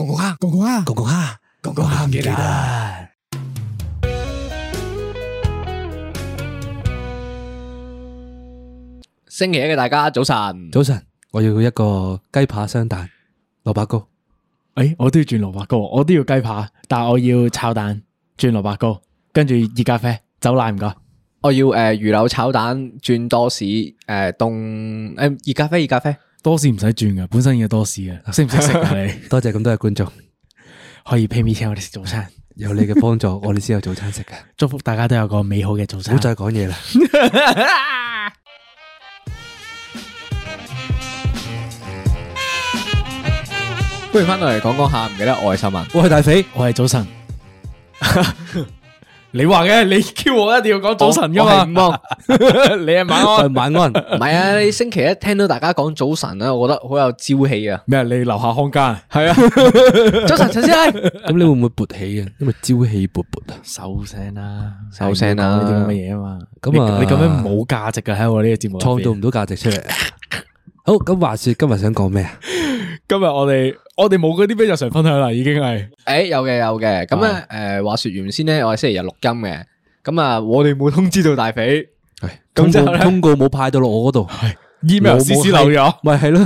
公公哈，公公哈，公公哈，公公哈，唔該。星期一嘅大家早晨，早晨。我要一個雞扒雙蛋、蘿蔔糕。誒、欸，我都要轉蘿蔔糕，我都要雞扒，但係我要炒蛋轉蘿蔔糕，跟住熱咖啡、走奶唔該。我要誒、呃、魚柳炒蛋轉多士，誒凍誒熱咖啡熱咖啡。熱咖啡多士唔使轉噶，本身要多士噶，識唔識食啊？ 你多謝咁多嘅觀眾， 可以 pay me 請我哋食早餐。 有你嘅幫助， 我哋先有早餐食噶。 祝福大家都有個美好嘅早餐。唔好再講嘢啦。不如翻到嚟講講下，唔記得我係外甥啊，我係大肥，我係早晨。你話嘅，你叫我一定要講早晨噶嘛？唔忙。你係晚安，晚安，晚安，唔係啊！星期一聽到大家講早晨啊，我覺得好有朝氣啊！咩？你樓下看間係啊？早晨，陳師奶，咁你會唔會勃起啊？因為朝氣勃勃啊？收聲啦，收聲啦！你做乜嘢啊？嘛？咁啊，你咁樣冇價值噶喺我呢個節目，創造唔到價值出嚟。好，咁話說今日想講咩啊？今日我哋我哋冇嗰啲咩日常分享啦，已經係誒、欸、有嘅有嘅咁咧誒，啊哦、話說原先咧我係星期日錄音嘅，咁啊我哋冇通知到大肥，係的，通告通告冇派到落我嗰度係。email 私私漏咗，咪係咯，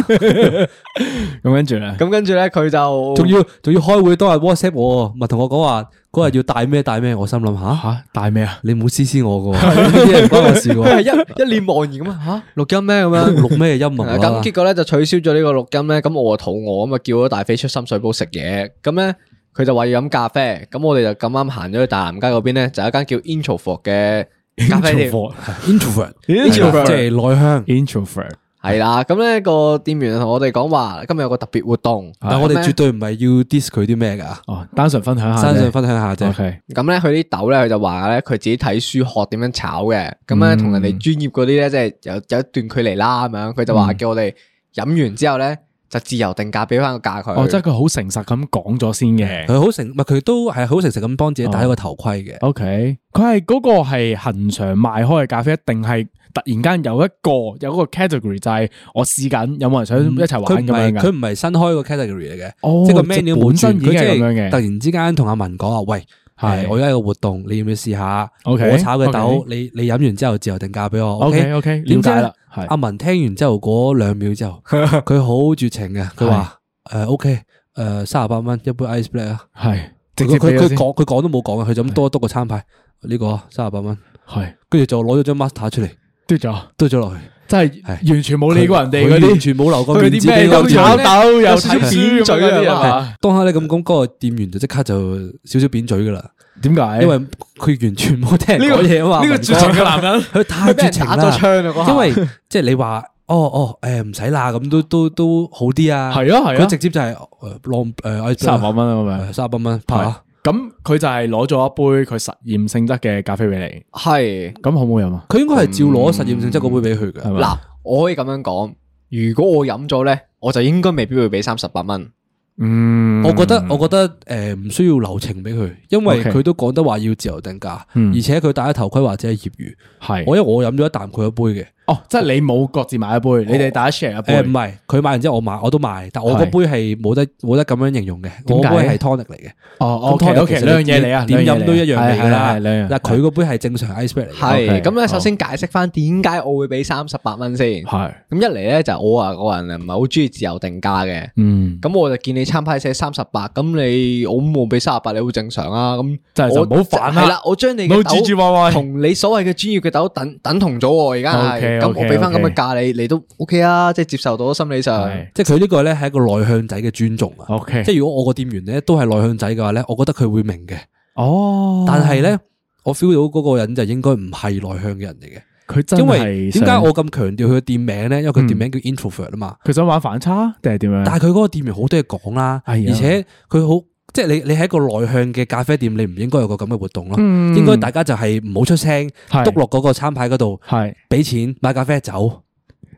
咁跟住咧，咁跟住咧，佢就仲要仲要開會當日 WhatsApp 我，咪同我講話，嗰日要帶咩帶咩，我心諗吓吓帶咩啊？你冇私私我噶，啲嘢唔關我事喎，佢係一一臉茫然咁啊，錄音咩咁樣錄咩音啊？咁結果咧就取消咗呢個錄音咧，咁我啊肚餓咁啊叫咗大飛出深水埗食嘢，咁咧佢就話要飲咖啡，咁我哋就咁啱行咗去大南街嗰邊咧，就有一間叫 Intro 伏嘅。咖啡店，introvert，introvert，即係內向，introvert 係啦。咁咧個店員同我哋講話，今日有個特別活動，但我哋絕對唔係要 diss 佢啲咩噶。哦，單純分享下，單純分享下啫。OK，咁咧佢啲豆咧，佢就話咧佢自己睇書學點樣炒嘅，咁咧同人哋專業嗰啲咧，即係有有一段距離啦。咁樣佢就話叫我哋飲完之後咧。就自由定價俾翻個價佢。哦，即係佢好誠實咁講咗先嘅，佢好誠，佢都係好誠實咁幫自己戴一個頭盔嘅。OK，佢係嗰個係恆常賣開嘅咖啡，一定係突然間有一個有嗰個 category 就係我試緊有冇人想一齊玩咁樣嘅。佢唔係新開個 category 嚟嘅，哦、即係個 menu 本身已經係咁樣嘅。突然之間同阿文講話，喂！係，我而家有一個活動，你要唔要試下？OK，我炒嘅豆，你你飲完之後自由定價畀我。OK，OK，了解啦。阿文聽完之後，嗰兩秒之後，佢好絕情嘅，佢話誒，OK，誒，三十八蚊一杯 ice black 啊。係，直接佢。佢講，佢講都冇講嘅，佢就咁多篤個餐牌呢個三十八蚊。係，跟住就攞咗張 master 出嚟，篤咗，篤咗落去。真係完全冇理過人哋，完全冇留過面子俾佢。炒豆又睇扁嘴嗰啲人，當下咧咁講，嗰個店員就即刻就少少扁嘴噶啦。點解？因為佢完全冇聽人講嘢嘛。呢個絕情嘅男人，佢太絕情啦。因為即係你話，哦哦，誒唔使啦，咁都都都好啲啊。係啊係啊。佢直接就係，誒，浪誒，三百蚊啊嘛，三百蚊，拍。咁佢就係攞咗一杯佢實驗性質嘅咖啡俾你，係咁是好唔好飲啊？佢應該係照攞實驗性質嗰杯俾佢嘅。嗱吧，我可以咁樣講，如果我飲咗咧，我就應該未必會俾三十八蚊。嗯我，我覺得我覺得誒，唔、呃、需要留情俾佢，因為佢都講得話要自由定價，Okay. 而且佢戴咗頭盔或者係業餘，係、嗯、我因為我飲咗一啖佢一杯嘅。哦，即係你冇各自買一杯，你哋大家 share 一杯。誒，唔係，佢買完之後我買，我都買，但我嗰杯係冇得冇得咁樣形容嘅。我杯係 tonic 嚟嘅。哦哦，有其實兩樣嘢嚟啊，點飲都一樣嚟噶啦。嗱，佢嗰杯係正常 ice cream 嚟。係咁咧，首先解釋翻點解我會俾三十八蚊先。係咁一嚟咧，就我啊個人唔係好中意自由定價嘅。嗯，咁我就見你餐牌寫三十八，咁你我冇俾三十八你好正常啊？咁真係就唔好煩啦。係啦，我將你嘅豆同你所謂嘅專業嘅豆等等同咗。我而家係。咁 Okay ,、okay. 我俾翻咁嘅價你，你都 OK 啊？即係接受到心理上。Okay. 即係佢呢個咧，係一個內向仔嘅尊重啊。Okay. 即係如果我個店員咧都係內向仔嘅話咧，我覺得佢會明嘅。哦，oh. 但係咧，我 feel 到嗰個人就應該唔係內向嘅人嚟嘅。佢因為點解我咁強調佢店名咧？因為佢店名叫 Introvert 啊嘛。佢、嗯、想玩反差定係點樣？但係佢嗰個店員好多嘢講啦，的而且佢好。即係你，你喺一個內向嘅咖啡店，你唔應該有個咁嘅活動咯。嗯、應該大家就係唔好出聲，篤落嗰個餐牌嗰度，係俾是錢買咖啡豆走。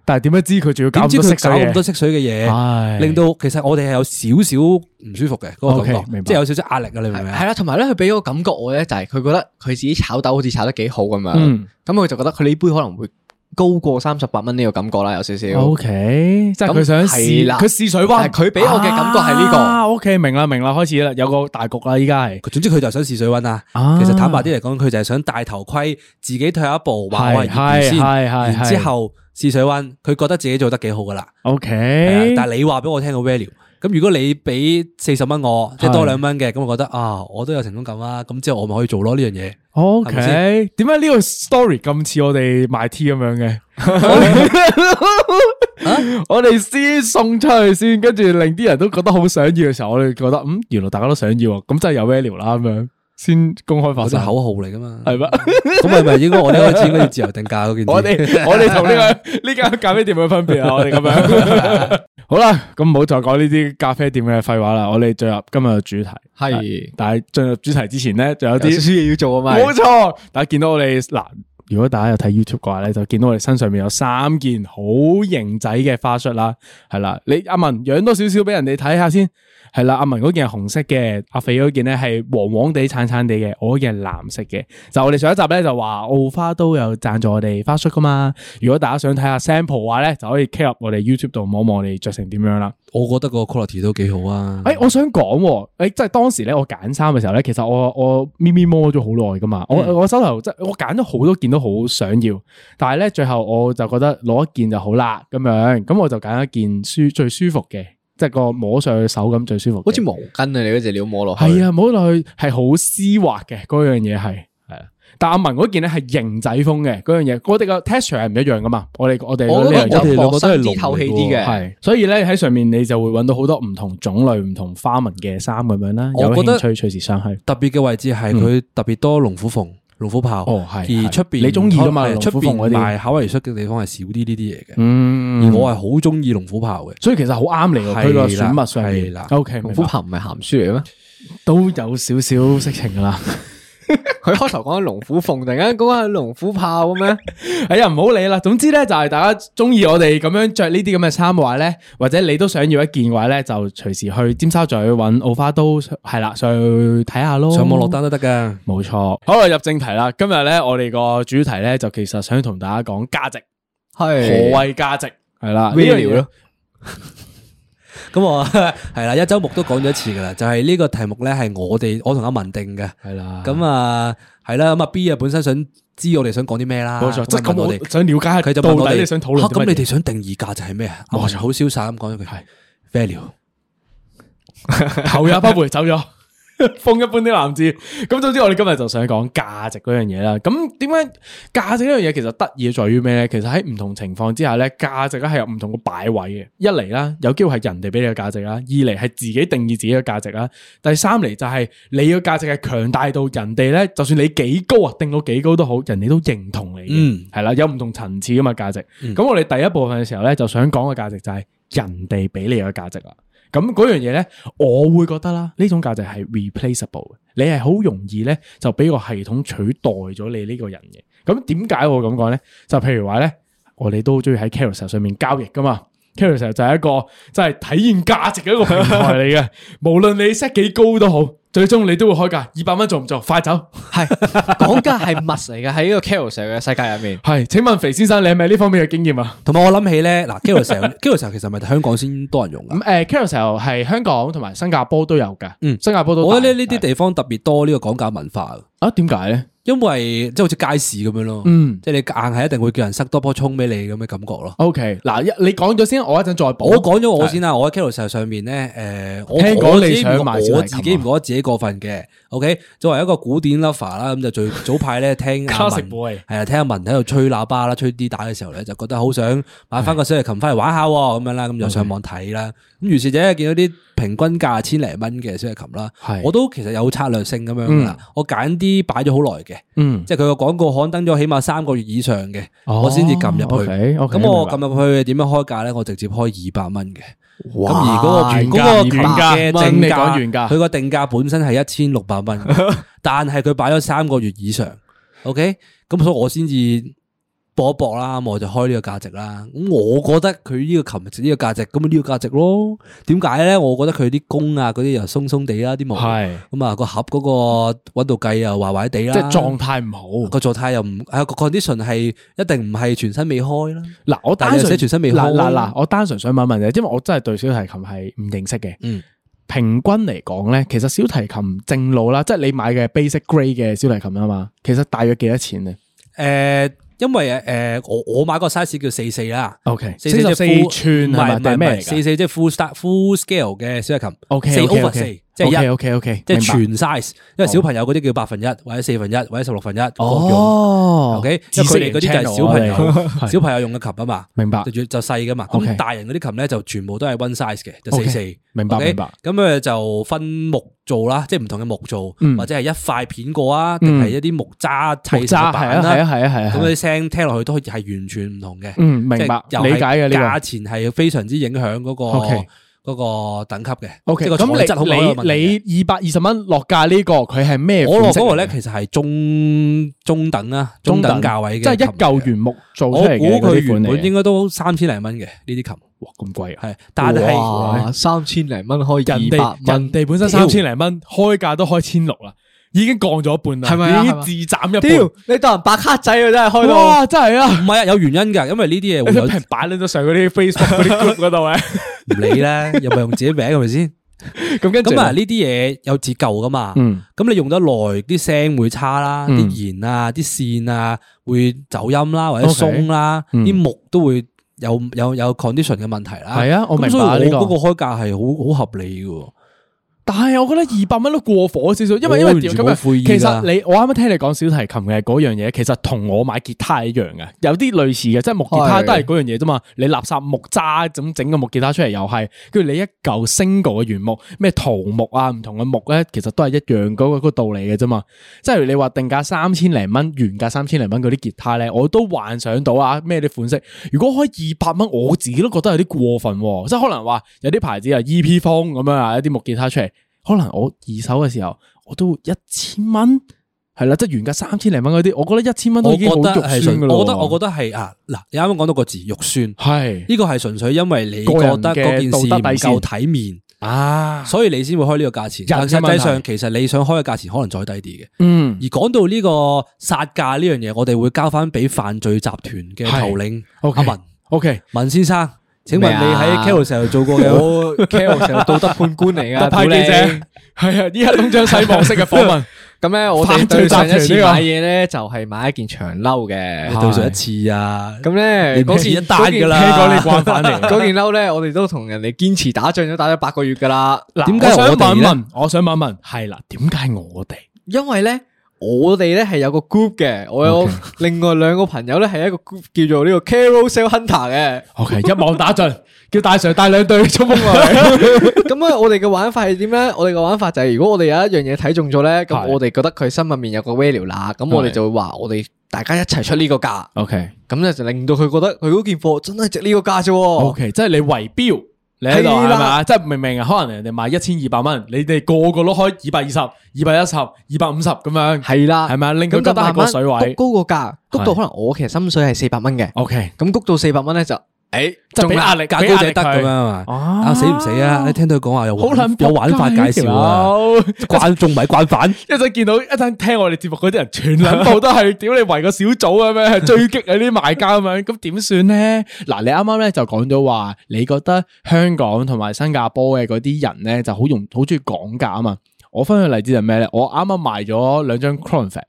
但係點樣知佢仲要搞色水咧？搞咁多色水嘅嘢，唉令到其實我哋係有少少唔舒服嘅嗰、嗰個感覺，okay, 明即係有少少壓力啊！你明唔明？係啦、啊，同埋咧，佢俾個感覺我咧，就係佢覺得佢自己炒豆好似炒得幾好咁樣，咁佢、嗯嗯、就覺得佢呢杯可能會。高過三十八蚊呢個感覺啦，有少少。O K，即係佢想，係啦，佢試水溫，佢俾我嘅感覺係呢個。O K，明啦，明啦，開始啦，有個大局啦，依家係。佢總之佢就想試水溫啊。其實坦白啲嚟講，佢就係想戴頭盔，自己退一步，話喂，先，先，然之後試水溫，佢覺得自己做得幾好噶啦。O K，但係你話俾我聽個 value。咁如果你俾四十蚊我，即係多兩蚊嘅，咁是的 我覺得啊，我都有成功感啦。咁之後我咪可以做咯呢 Okay, 吧樣嘢。O K，點解呢個 story 咁似我哋賣 T 咁樣嘅？我哋先送出去先，跟住令啲人都覺得好想要嘅時候，我哋覺得嗯，原來大家都想要，啊。咁真係有 value 啦咁樣。先公開化，我啲口號嚟噶嘛，係嘛？咁咪咪應該我哋開始應該自由定價嗰件。我哋我哋同呢個呢間咖啡店嘅分別啊！我哋咁樣 好。好啦，咁唔好再講呢啲咖啡店嘅廢話啦，我哋進入今日嘅主題。係的，但係進入主題之前咧，仲有啲少少嘢要做啊嘛。冇錯，大家見到我哋嗱，如果大家有睇 YouTube 嘅話咧，就見到我哋身上面有三件好型仔嘅花恤啦，係啦，你阿文養多少少俾人哋睇下先。係啦，阿文嗰件係紅色嘅，阿肥嗰件咧係黃黃地、橙橙地嘅，我嗰件係藍色嘅。就我哋上一集咧就話澳花都有贊助我哋花恤噶嘛。如果大家想睇下 sample 話咧，就可以 key 入我哋 YouTube 度望望我哋着成點樣啦。我覺得個 quality 都幾好啊。誒、欸，我想講，誒、欸，即係當時咧我揀衫嘅時候咧，其實我我咪咪摸咗好耐噶嘛。嗯、我我手頭即係我揀咗好多件都好想要，但係咧最後我就覺得攞一件就好啦咁樣，咁我就揀一件舒最舒服嘅。即係個摸上去手感最舒服，好似毛巾啊！你嗰隻料摸落係啊，摸落去係好絲滑嘅，嗰樣嘢，係係啊。的但阿文嗰件咧係型仔風嘅，嗰樣嘢，我哋個 texture 係唔一樣噶嘛。我哋我哋我哋我哋嘅係透氣啲嘅，係。所以咧喺上面你就會揾到好多唔同種類、唔同花紋嘅衫咁樣啦。有個興趣隨時上去。特別嘅位置係佢特別多龍虎鳳。嗯龍虎豹，哦係，而出外邊你中意噶嘛？的考慮出邊賣巧藝出嘅地方係少啲呢啲嘢嘅，嗯，而我係好中意龍虎豹嘅，所以其實好啱你。佢個的選物上面啦，OK。龍虎豹唔係咸書嚟咩？ 都有少少色情噶啦。 佢 開頭講緊龍虎鳳，突然間講緊龍虎豹。咁樣、 哎，哎呀，唔好理啦。總之咧，就係、是、大家中意我哋咁樣着呢啲咁嘅衫嘅話咧，或者你都想要一件嘅話咧，就隨時去尖沙咀揾奧花都係啦，上去睇下咯，上網落單都得噶。冇錯錯。好啦，入正題啦。今日咧，我哋個主題咧，就其實想同大家講價值，係的何謂價值？係啦 real 咯。Real. 咁我係啦， 一周目都講咗一次噶啦，就係、是、呢個題目咧係我哋我同阿文定嘅，係啦的，咁啊係啦，咁、uh, 啊 B 啊本身想知我哋想講啲咩啦，冇錯錯，即係咁我哋想了解下到底你想討論、啊，咁你哋想定義價就係咩啊？冇錯錯，好瀟灑咁講咗句，係 value，i 頭也不回走咗。 風 一般啲男子， 咁總之我哋今日就想講價值嗰樣嘢啦。咁點解價值呢樣嘢其實得意在於咩咧？其實喺唔同情況之下咧，價值咧係有唔同嘅擺位嘅。一嚟啦，有機會係人哋俾你嘅價值啦；二嚟係自己定義自己嘅價值啦；第三嚟就係你嘅價值係強大到人哋咧，就算你幾高啊，定到幾高都好，人哋都認同你。嗯，係啦，有唔同層次㗎嘛價值。咁、嗯、我哋第一部分嘅時候咧，就想講嘅價值就係人哋俾你嘅價值啦。咁嗰樣嘢咧，我會覺得啦，呢種價值係 replaceable 嘅，你係好容易咧就俾個系統取代咗你呢個人嘅。咁點解我咁講咧？就譬如話咧，我哋都中意喺 Carousel 上面交易噶嘛，Carousel、er、就係一個即係、就是、體現價值嘅一個平台嚟嘅， 無論你 set 幾高都好。最終你都會開價，二百蚊做唔做？快走！係講價係乜嚟嘅，喺呢個 Carousell 嘅世界入面。係， 請問肥先生你有冇呢方面嘅經驗啊？同埋我諗起咧，嗱 Carousell 其實唔係香港先多人用噶。誒 Carousell 係、嗯呃、香港同埋新加坡都有嘅。嗯，新加坡都我、嗯。我覺得呢呢啲地方特別多呢、這個講價文化。啊，點解咧？因為即係好似街市咁樣咯，嗯，即係你硬係一定會叫人塞多樖葱俾你咁嘅感覺咯。OK，嗱，你講咗先，我一陣再補。我講咗我先啦，我喺 Keru 石上面咧，誒，我我自己唔，我自己唔覺得自己過分嘅。OK，作為一個古典 lover 啦，咁就最早排咧聽阿文，係啊，聽阿文喺度吹喇叭啦，吹 D 打嘅時候咧，就覺得好想買翻個小提琴翻嚟玩下咁樣啦，咁就上網睇啦。咁於是者見到啲平均價千零蚊嘅小提琴啦，我都其實有策略性咁樣啦，我揀啲。啲擺咗好耐嘅，嗯，即係佢個廣告刊登咗起碼三個月以上嘅，哦、我先至撳入去。咁、哦 okay, okay, 我撳入去點樣開價咧？我直接開二百蚊嘅。咁哇而嗰個原價嘅定價，佢 200 元 個定價本身係一千六百蚊， 但係佢擺咗三個月以上。OK，咁所以我先至。搏一搏啦，我就開呢個價值啦。咁我覺得佢呢個琴呢個價值咁咪呢個價值咯。點解咧？我覺得佢啲弓啊嗰啲又鬆鬆地啦，啲毛咁啊是個盒嗰個溫度計又壞壞地啦。即係狀態唔好，個狀態又唔啊個 condition 係一定唔係全新未開啦。嗱，我單純係全新未開。嗱嗱嗱，我單純想問問啫，因為我真係對小提琴係唔認識嘅。嗯，平均嚟講咧，其實小提琴正路啦，即係你買嘅 basic grade 嘅小提琴啊嘛，其實大約幾多錢啊？誒、呃。因為誒，誒，我我買個 size 叫四四啦，OK，四四，四寸係嘛？唔係唔係四四，即係 full star full scale 嘅小提琴，OK，four over four，OK。即係一，即係全 size，因為小朋友嗰啲叫八分一或者四分一或者十六分一，哦，O K，因為佢哋嗰啲係小朋友、小朋友用嘅琴啊嘛，明白，就就細噶嘛。咁大人嗰啲琴咧就全部都係 one size 嘅，就四四，明白明白。咁誒就分木做啦，即係唔同嘅木做，或者係一塊片過啊，定係一啲木渣砌成嘅板啦，係啊係啊係啊。咁嗰啲聲聽落去都係完全唔同嘅，嗯，明白，理解嘅。呢個價錢係非常之影響嗰個。嗰個等級嘅，OK。咁你你你二百二十蚊落價呢個，佢係咩款式？我嗰個咧，其實係中中等啦、啊，中等，中等價位嘅，即係一嚿原木做出嚟。我估佢原本應該都三千零蚊嘅呢啲琴。哇，咁貴啊！係，但係三千零蚊開二百，人哋本身三千零蚊開價都開千六啦。已經降咗一半啦，已經自斬入，屌你當人白黑仔啊！真係開到，哇，真係啊！唔係啊，有原因㗎，因為呢啲嘢會有擺喺咗上嗰啲 Facebook 嗰啲度啊。唔理啦，又咪用自己名係咪先？咁跟住咁啊，呢啲嘢有自舊噶嘛？嗯，咁你用得耐，啲聲會差啦，啲弦啊、啲線啊會走音啦，或者鬆啦，啲木都會有有有 condition 嘅問題啦。係啊，我明白你。個。咁所以我嗰個開價係好好合理嘅。但係我覺得二百蚊都過火少少，因為、哦、因為點解其實你我啱啱聽你講小提琴嘅嗰樣嘢，其實同我買吉他一樣嘅，有啲類似嘅，即係木吉他都係嗰樣嘢啫嘛。的你垃圾木渣咁整個木吉他出嚟又係，跟住你一嚿 single 嘅原木咩桃木啊唔同嘅木咧，啊，其實都係一樣嗰，那個道理嘅啫嘛。即係你話定價三千零蚊，原價三千零蚊嗰啲吉他咧，我都幻想到啊咩啲款式。如果開二百蚊，我自己都覺得有啲過分，啊，即係可能話有啲牌子啊 EP 風咁樣啊一啲木吉他出嚟。可能我二手嘅時候，我都一千蚊，係啦，即係原價三千零蚊嗰啲，我覺得一千蚊都已經好肉酸㗎啦。我覺得，我覺得係啊，嗱，你啱啱講到個字肉酸，係呢個係純粹因為你覺得嗰件事唔夠體面啊，所以你先會開呢個價錢。啊、但係實際上，其實你想開嘅價錢可能再低啲嘅。嗯，而講到呢個殺價呢樣嘢，我哋會交翻俾犯罪集團嘅頭領阿文、okay. 啊、文。o Okay. 文先生。請問你喺 k a r e 嘅時候做過？ 我 k a r e 嘅時候道德判官嚟噶，派記者係靈 啊，依家東張西望式嘅訪問。咁咧， 我哋最近一次買嘢咧，就係、是、買一件長褸嘅，到是上一次啊。咁 咧，嗰次單噶啦，嗰 件褸咧，我哋都同人哋堅持打仗，都打咗八個月噶啦。點解我哋咧？我想問一問，係啦，點解我哋？因為咧。我哋咧係有個 group 嘅，我有另外兩個朋友咧係一個 group 叫做呢個 Carousell Hunter 嘅。OK，一網打盡， 叫大 Sir 帶兩隊衝鋒啊！咁啊， 我哋嘅玩法係點咧？我哋嘅玩法就係如果我哋有一樣嘢睇中咗咧，咁是我哋覺得佢心入面有個 value 啦，咁是我哋就會話我哋大家一齊出呢個價。OK，咁咧就令到佢覺得佢嗰件貨真係值呢個價啫。OK，即係你圍標。你呢度係即係明明可能人哋賣一千二百蚊，你哋個個都開二百二十、二百一十、二百五十咁樣。係對啦，係咪令佢覺得係個水位慢慢高個價？谷到可能我其實心水係四百蚊嘅。OK，咁的谷到四百蚊咧就。就俾壓力，俾壓力得咁樣嘛？啊，啊死唔死啊！啊你聽到佢講話有有玩法介紹啊？慣眾咪慣犯，一陣見到一陣聽我哋節目嗰啲人，全頻部都係屌你圍個小組咁、啊、樣，最激嗰啲賣家咁樣，咁點算咧？嗱， 你啱啱咧就講咗話，你覺得香港同埋新加坡嘅嗰啲人咧，就好用好中意講價啊嘛？我分享例子係咩咧？我啱啱賣咗兩張 concert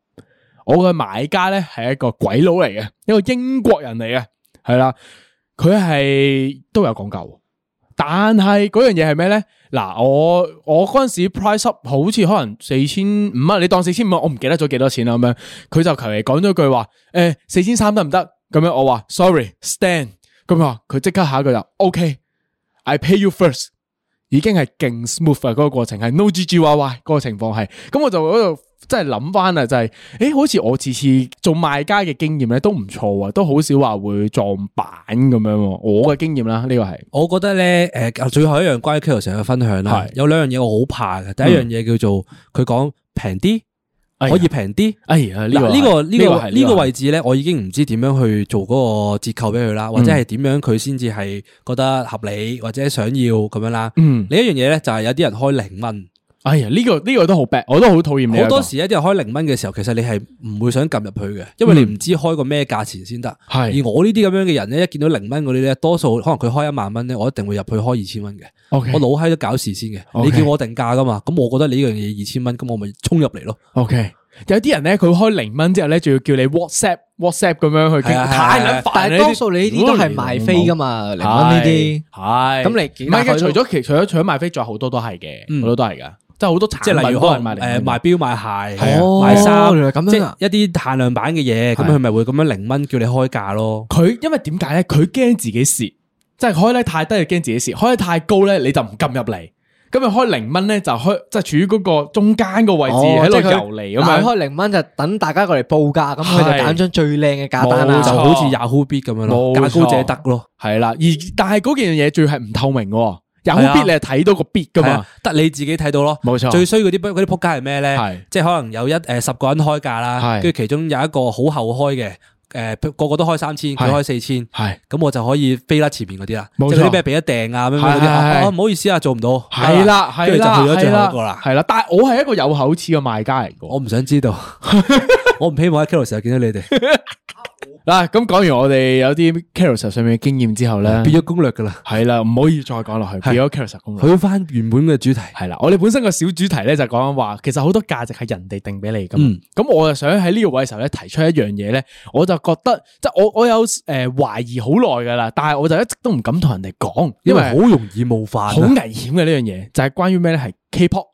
我嘅買家咧係一個鬼佬嚟嘅，一個，一個英國人嚟嘅，係啦。佢係都有講究但，但係嗰樣嘢係咩咧？嗱，我我嗰陣時 price up 好似可能四千五蚊，你當四千五蚊，我唔記得咗幾多錢啦咁樣，佢就求其講咗句話，誒、呃，四千三得唔得？咁樣我話 sorry，stand，咁樣佢即刻下一句就，ok，I、okay, I pay you first。已經係勁 smooth 啊！嗰、那個過程係 no g g y y，嗰個情況係咁，我就喺度真係諗翻啦，就係、是、誒、欸，好似我次次做賣家嘅經驗咧都唔錯啊，都好少話會撞板咁樣。我嘅經驗啦，呢、這個係，我覺得咧誒、呃，最後一樣關於 Killer 成日嘅分享啦，是有兩樣嘢我好怕嘅，第一樣嘢叫做佢講平啲。嗯可以平啲，哎呀，呢、哎這個呢、這個呢個位置咧，我已經唔知點樣去做嗰個折扣俾佢啦，嗯、或者係點樣佢先至係覺得合理，或者想要咁樣啦。嗯、另一樣嘢咧，就係有啲人開零蚊。哎呀，呢、個呢、個都好 bad，我都好討厭。好多時一啲開零蚊嘅時候，其實你係唔會想撳入去嘅，因為你唔知開個咩價錢先得。係、嗯、而我呢啲咁樣嘅人咧，一見到零蚊嗰啲咧，多數可能佢開一萬蚊咧，我一定會入去開二千蚊嘅。Okay, 我老閪都搞事先嘅，你叫我定價噶嘛？咁 okay, 我覺得你呢樣嘢二千蚊，咁我咪沖入嚟咯。Okay, 有啲人咧，佢開零蚊之後咧，就要叫你 WhatsApp WhatsApp 咁樣去傾。但係多數你呢啲都係賣飛噶嘛，零蚊呢啲。係咁你唔係嘅，除咗除咗除咗賣飛，仲有好多都係嘅，好多都係噶，即係好多產，即係例如可能誒賣表、賣鞋、賣衫，咁即係一啲限量版嘅嘢，咁佢咪會咁樣零蚊叫你開價咯。佢因為點解咧？佢驚自己蝕，即係開得太低又驚自己蝕，開得太高咧你就唔撳入嚟。今日開零蚊咧就開，即係處於嗰個中間個位置喺度游離咁啊！開零蚊就等大家過嚟報價，咁佢就揀張最靚嘅價單，就好似 Yahoo Bid 咁樣咯，價高者得咯，係啦。而但係嗰件嘢最係唔透明嘅，Yahoo Bid 你係睇到個 bid 噶嘛，得你自己睇到咯。冇錯，最衰嗰啲不啲撲街係咩咧？係即係可能有一誒十個人開價啦，跟住其中有一個好後開嘅。誒，個個都開三千，佢開四千，係咁我就可以飛甩前面嗰啲啦。即係啲咩俾咗訂啊，咩咩嗰啲，我唔好意思啊，做唔到。係啦，係啦，係啦，係啦。跟住就去咗最後一個啦。係啦，但係我係一個有口齒嘅賣家嚟嘅。我唔想知道，我唔希望喺 Kuro 時候見到你哋。嗱，咁講完我哋有啲 character 上面嘅經驗之後咧，變咗攻略噶啦，係啦，唔可以再講落去，的變咗 character 攻略，去翻原本嘅主題，係啦，我哋本身個小主題咧就講緊話，其實好多價值係人哋定俾你噶，咁、嗯、我就想喺呢個位時候咧提出一樣嘢咧，我就覺得即係、就是、我我有誒懷、呃、疑好耐噶啦，但係我就一直都唔敢同人哋講，因爲好容易冒犯，好危險嘅呢樣嘢，就係、是、關於咩咧係 K-pop。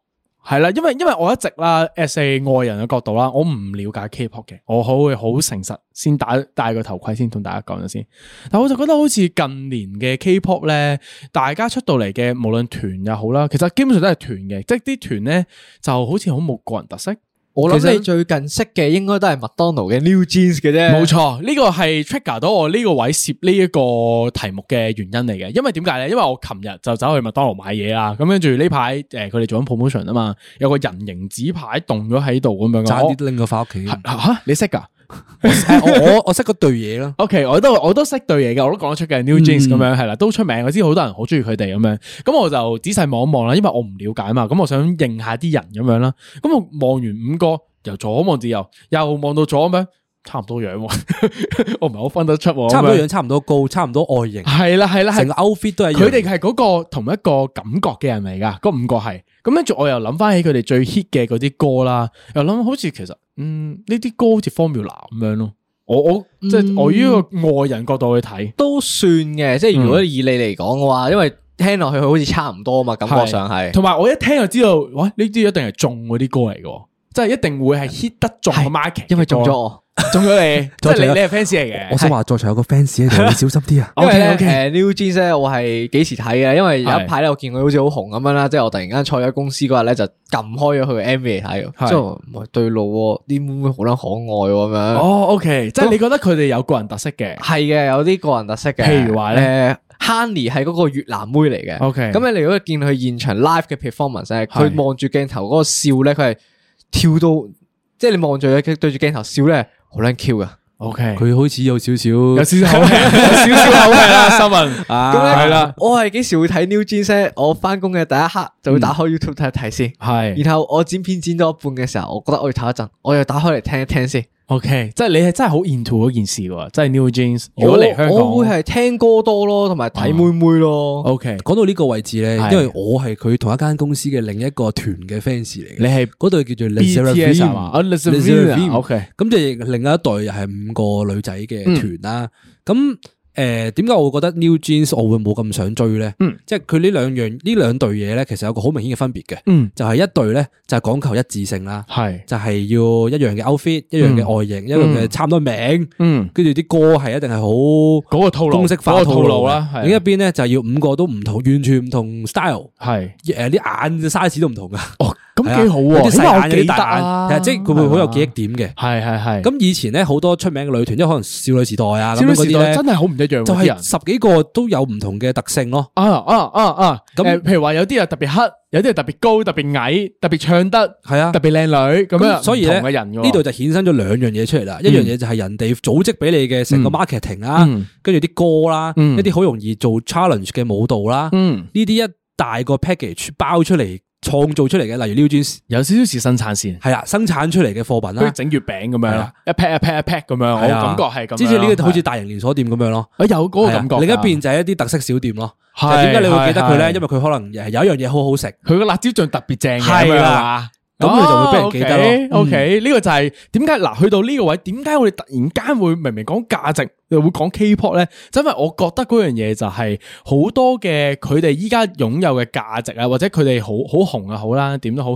係啦，因為因為我一直啦，作為外人嘅角度啦，我唔了解 K-pop 嘅，我好會好誠實先戴戴個頭盔先同大家講咗先。但我就覺得好似近年嘅 K-pop 咧，大家出到嚟嘅無論團又好啦，其實基本上都係團嘅，即係啲團咧就好似好冇個人特色。我諗你最近識嘅應該都係麥當勞嘅 New Jeans 嘅啫錯。冇錯，呢個係 trigger 到我呢個位設呢一個題目嘅原因嚟嘅。因為點解咧？因為我琴日就走去麥當勞買嘢啊，咁跟住呢排誒佢哋做緊 promotion 啊嘛，有個人形紙牌戙咗喺度咁樣，差啲拎咗返屋企。吓，你識噶？ 我我，我識嗰對嘢咯，OK，我都我都識對嘢嘅，我都講得出嘅。New Jeans 咁樣係啦、嗯，都出名，我知好多人好中意佢哋咁樣。咁我就仔細望一望啦，因為我唔了解嘛，咁我想認下啲人咁樣啦。咁我望完五個，由左望至右，又望到左咁樣，差唔多樣、啊， 我唔係好分得出，差唔多樣，差唔多高，差唔多外形，係啦係啦，成個 outfit 都係，佢哋係嗰個同一個感覺嘅人嚟噶，嗰五個係。咁，跟住我又諗翻起佢哋最 hit 嘅嗰啲歌啦，又諗好似其實。嗯，呢啲歌好似 formula 咁樣咯，我我、嗯、即係我呢個外人角度去睇都算嘅，即係如果以你嚟講嘅話，嗯、因為聽落去好似差唔多啊嘛，是感覺上係，同埋我一聽就知道，哇呢啲一定係中嗰啲歌嚟嘅，即係一定會係 hit 得中嘅 market，是的歌 因為中咗。仲咗你，即係你係 fans 嚟嘅。我想話在場有個 fans 喺度，你小心啲啊。O K O K New Jeans 我係幾時睇嘅？因為有一排咧，我見佢好似好紅咁樣啦。即係我突然間坐喺公司嗰日咧，就撳開咗佢嘅 MV 嚟睇。即係唔係對路喎，啲妹妹好撚可愛咁樣。哦，O K，即係你覺得佢哋有個人特色嘅？係嘅，有啲個人特色嘅。譬如話咧，Hanni 係嗰個越南妹嚟嘅。O K，咁你如果見佢現場 live 嘅 performance，佢望住鏡頭嗰個笑咧，佢係跳到，即係你望住佢對住鏡頭笑咧。Okay, 好難 kill 噶，OK，佢好似有少少，有少少口氣， 有少少口氣係啦，新聞 文，咁咧係啦。我係幾時會睇 New Jeans？我翻工嘅第一刻就會打開 YouTube 睇一睇先，係、嗯。然後我剪片剪咗一半嘅時候，我覺得我要唞一陣，我又打開嚟聽一聽先。O、okay, K，即係你係真係好 into 嗰件事嘅，即係 New Jeans。如果嚟香港，我，我會係聽歌多咯，同埋睇妹妹咯。O K，講到呢個位置咧，因爲我係佢同一間公司嘅另一個團嘅 fans 嚟嘅。你係嗰隊叫做 Le Sserafim, BTS 係嘛？BTS，O K，咁就另另一隊又係五個女仔嘅團啦。咁、嗯。誒，點解我會覺得 New Jeans 我會冇咁想追咧？嗯，即係佢呢兩樣呢兩對嘢咧，其實有個好明顯嘅分別嘅。嗯，就係一隊咧，就係講求一致性啦。係，就係要一樣嘅 outfit，一樣嘅外形，一樣嘅差唔多名。嗯，跟住啲歌係一定係好嗰個套路，公式化套路啦。另一邊咧就要五個都唔同，完全唔同 style。係，誒啲眼嘅 size 都唔同噶。咁幾好喎！起碼有啲大眼，即係佢會好有記憶點嘅。係係係。咁以前咧好多出名嘅女團，即係可能少女時代啊咁樣嗰啲咧，真係好唔一樣。就係十幾個都有唔同嘅特性咯。啊啊啊啊！咁譬如話有啲人特別黑，有啲人特別高，特別矮，特別唱得，係啊，特別靚女咁樣。所以咧呢度就衍生咗兩樣嘢出嚟啦。一樣嘢就係人哋組織俾你嘅成個 marketing 啦，跟住啲歌啦，一啲好容易做 challenge 嘅舞蹈啦，呢啲一大個 package 包出嚟。創造出嚟嘅，例如呢啲有少少似生產線，係啦、啊，生產出嚟嘅貨品啦，整月餅咁樣，一劈一劈一劈 a 咁樣，啊、我感覺係咁，即係呢個好似大型連鎖店咁樣咯、啊。有嗰個感覺、啊。另一邊就係一啲特色小店咯，是就點解你會記得佢咧？因為佢可能有一樣嘢好好食，佢個辣椒醬特別正㗎嘛。咁佢就會俾人記得咯、哦？OK，呢、okay，嗯、個就係點解嗱？去到呢個位，點解我哋突然間會明明講價值，又會講 K-pop 咧？呢就是、因為我覺得嗰樣嘢就係好多嘅，佢哋依家擁有嘅價值啊，或者佢哋好好紅啊，好啦，點都好，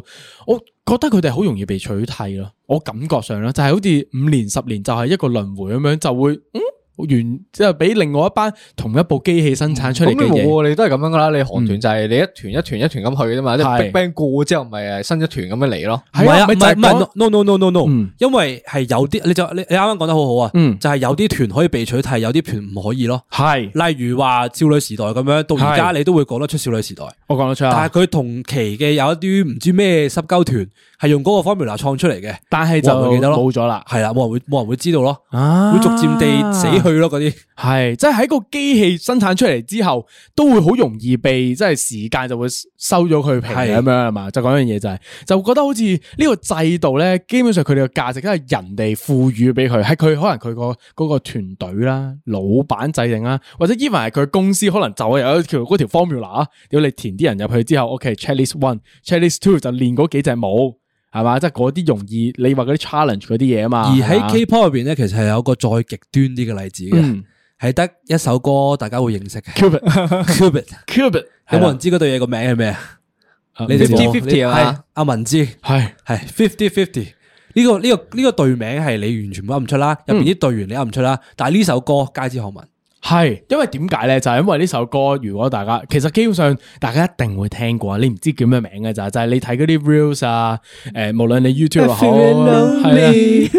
我覺得佢哋好容易被取代咯。我感覺上咧，就係好似五年、十年就係一個輪回咁樣，就會嗯。完即係俾另外一班同一部機器生產出嚟嘅嘢，你都係咁樣噶啦。你韓團就係你一團一團一團咁去嘅啫嘛。即係 big bang 過之後，咪誒新一團咁樣嚟咯。唔係啊，唔係唔係 no no no no no，因為係有啲你就你你啱啱講得好好啊，就係有啲團可以被取替，有啲團唔可以咯。係，例如話少女時代咁樣，到而家你都會講得出少女時代，我講得出。但係佢同期嘅有一啲唔知咩濕鳩團，係用嗰個 formula 創出嚟嘅，但係就冇咗啦，係啦，冇人會冇人會知道咯，會逐漸地死去去咯，嗰啲係即係喺個機器生產出嚟之後，都會好容易被即係時間就會收咗佢皮咁樣係嘛？就講樣嘢就係、是，就覺得好似呢個制度咧，基本上佢哋嘅價值都係人哋賦予俾佢，係佢可能佢個嗰個團隊啦、老闆制定啦，或者 even 係佢公司可能就會有一條嗰條 formula，屌你填啲人入去之後，OK，check list one，check list two 就練嗰幾隻舞。係嘛，即係嗰啲容易，你話嗰啲 challenge 嗰啲嘢啊嘛。而喺 K-pop 入邊咧，其實係有個再極端啲嘅例子嘅，係得、嗯、一首歌，大家會認識嘅。Cupid，Cupid，Cupid，有冇人知嗰對嘢個名係咩啊？你哋冇係阿文知，係係 Fifty Fifty 呢個呢、呢個呢、呢個隊名係你完全冇諗唔出啦，入邊啲隊員你諗唔出啦，但係呢首歌街知巷聞。係，因為點解咧？就係、是、因為呢首歌，如果大家其實基本上大家一定會聽過，你唔知叫咩名嘅咋，就係、是、你睇嗰啲 reels 啊、呃，誒，無論你 YouTube 又好，係啦，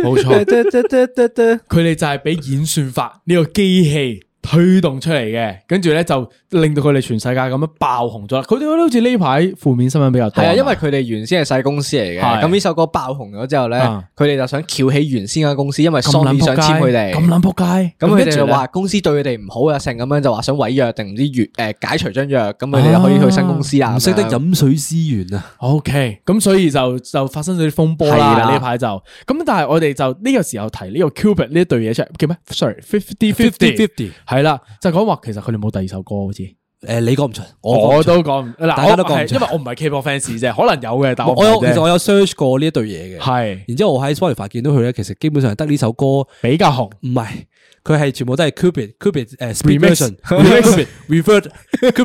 冇錯，佢哋 就係俾演算法呢、這個機器。驅動出嚟嘅，跟住咧就令到佢哋全世界咁樣爆紅咗。佢哋好似呢排負面新聞比較多。係啊，因為佢哋原先係細公司嚟嘅，咁呢首歌爆紅咗之後咧，佢哋就想撬起原先間公司，因為所以想簽佢哋。咁撚仆街，咁佢哋就話公司對佢哋唔好啊，成咁樣就話想毀約定唔知越誒解除張約，咁佢哋就可以去新公司啦。唔識得飲水思源啊。O K，咁所以就就發生咗啲風波啦。呢排就咁，但係我哋就呢個時候提呢個 Cupid 呢一對嘢出嚟，叫咩？Sorry，Fifty Fifty Fifty。係啦，就係講話其實佢哋冇第二首歌好似，誒你講唔出，我都講唔出，大家都講唔出，因為我唔係 k e b o a fans 啫，可能有嘅，但我有，其實我有 search 過呢一對嘢嘅，係，然之後我喺 Spotify 見到佢咧，其實基本上係得呢首歌比較紅，唔係，佢係全部都係 Cupid，Cupid speed version，reverse，Cupid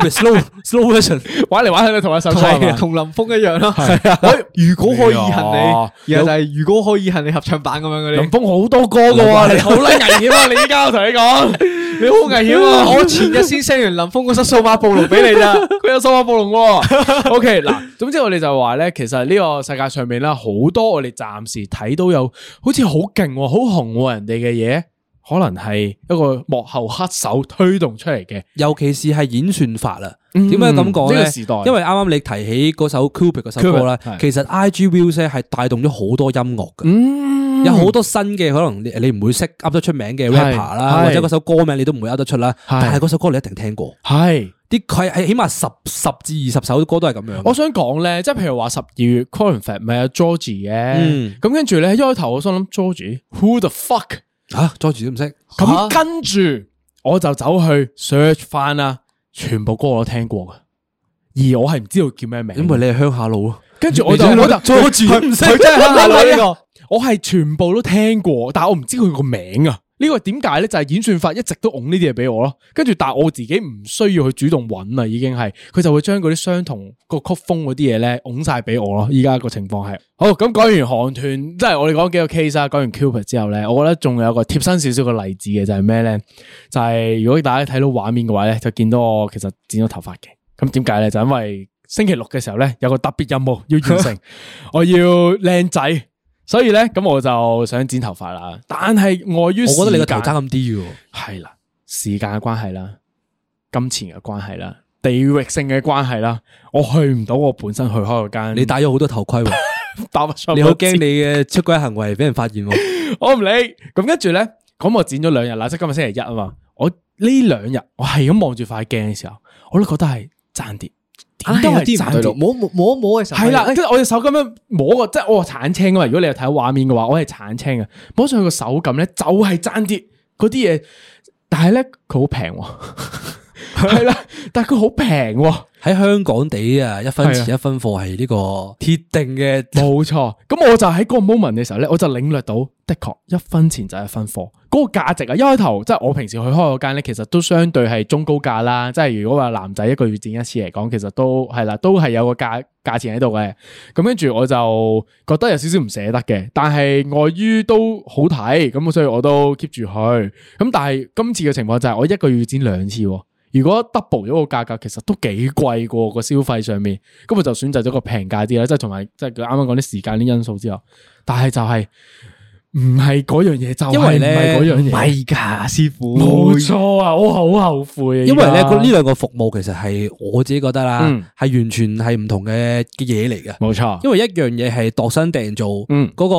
slow slow version，玩嚟玩去都同一首嘅，同林峯一樣咯，係啊，如果可以恨你，而係如果可以恨你合唱版咁樣嗰啲，林峯好多歌噶，你好撚危險啊，你依家我同你講。你好危險啊！ 我前日先 send 完林峯嗰首數碼暴龍俾你咋？佢 有數碼暴龍喎。O K 嗱，總之我哋就話咧，其實呢個世界上面啦，好多我哋暫時睇到有，好似好勁、好紅、哦、人哋嘅嘢，可能係一個幕後黑手推動出嚟嘅，尤其是係演算法啦。點解咁講呢？呢個時代，因為啱啱你提起嗰首 Cupid 嗰首歌啦，其實 I G Views 咧係帶動咗好多音樂嘅。嗯嗯有好多新嘅可能你你唔會識噏得出名嘅 rapper 啦，或者嗰首歌名你都唔會噏得出啦，但係嗰首歌你一定聽過。係，啲佢係起碼十十至二十首歌都係咁樣。我想講咧，即係譬如話十二月，Callum Fat 唔係啊，George 嘅。咁跟住咧，一開頭我心諗 George，Who the fuck？吓，George 都唔識。咁跟住我就走去 search 翻啦，全部歌我都聽過噶，而我係唔知道叫咩名。因為你係鄉下佬。跟住我就我 George 唔識，真係鄉下佬。我係全部都聽過，但係我唔知佢個名啊！呢個點解咧？就係、是、演算法一直都拱呢啲嘢俾我咯，跟住但係我自己唔需要去主動揾啦，已經係佢就會將嗰啲相同、那個曲風嗰啲嘢咧拱晒俾我咯。依家個情況係好。咁講完韓團即係我哋講幾個 case 啊，講完 Cupid 之後咧，我覺得仲有個貼身少少個例子嘅就係咩咧？就係、是就是、如果大家睇到畫面嘅話咧，就見到我其實剪咗頭髮嘅。咁點解咧？就是、因為星期六嘅時候咧，有個特別任務要完成， 我要靚仔。所以咧，咁我就想剪頭髮啦。但係礙於我覺得你個頭差咁啲喎，係啦，時間嘅關係啦，金錢嘅關係啦，地域性嘅關係啦，我去唔到我本身去開嗰間。你戴咗好多頭盔喎，啊，打唔上。你好驚你嘅出軌行為俾人發現喎，啊， 我唔理。咁跟住咧，咁我剪咗兩日，即今日星期一啊嘛。我呢兩日我係咁望住塊鏡嘅時候，我都覺得係賺啲。都係啲咯，摸摸摸摸嘅時候係啦，即係我隻手咁樣摸個，即係我係橙青啊！如果你有睇畫面嘅話，我係橙青啊！摸上去個手感咧就係差啲嗰啲嘢，但係咧佢好平。 係啦， 但係佢好平喎。喺香港地啊，一分錢的一分貨係呢個鐵定嘅，冇錯。咁我就喺嗰個 moment 嘅時候咧，我就領略到的確一分錢就一分貨，嗰、嗰個價值啊。一開頭即係我平時去開嗰間咧，其實都相對係中高價啦。即係如果話男仔一個月剪一次嚟講，其實都係啦，都係有個價價錢喺度嘅。咁跟住我就覺得有少少唔捨得嘅，但係礙於都好睇，咁所以我都 keep 住佢。咁但係今次嘅情況就係我一個月剪兩次啊。如果 double 咗個價格，其實都幾貴過、個消費上面，咁我就選擇咗個平價啲啦，即係同埋即係佢啱啱講啲時間啲因素之後，但係就係、是。唔係嗰樣嘢就係咧，唔係嗰樣嘢，唔係噶，師傅，冇錯啊，我好後悔啊！因為咧呢兩個服務其實係我自己覺得啦，係完全係唔同嘅嘅嘢嚟嘅，冇錯。因為一樣嘢係度身訂造，嗰個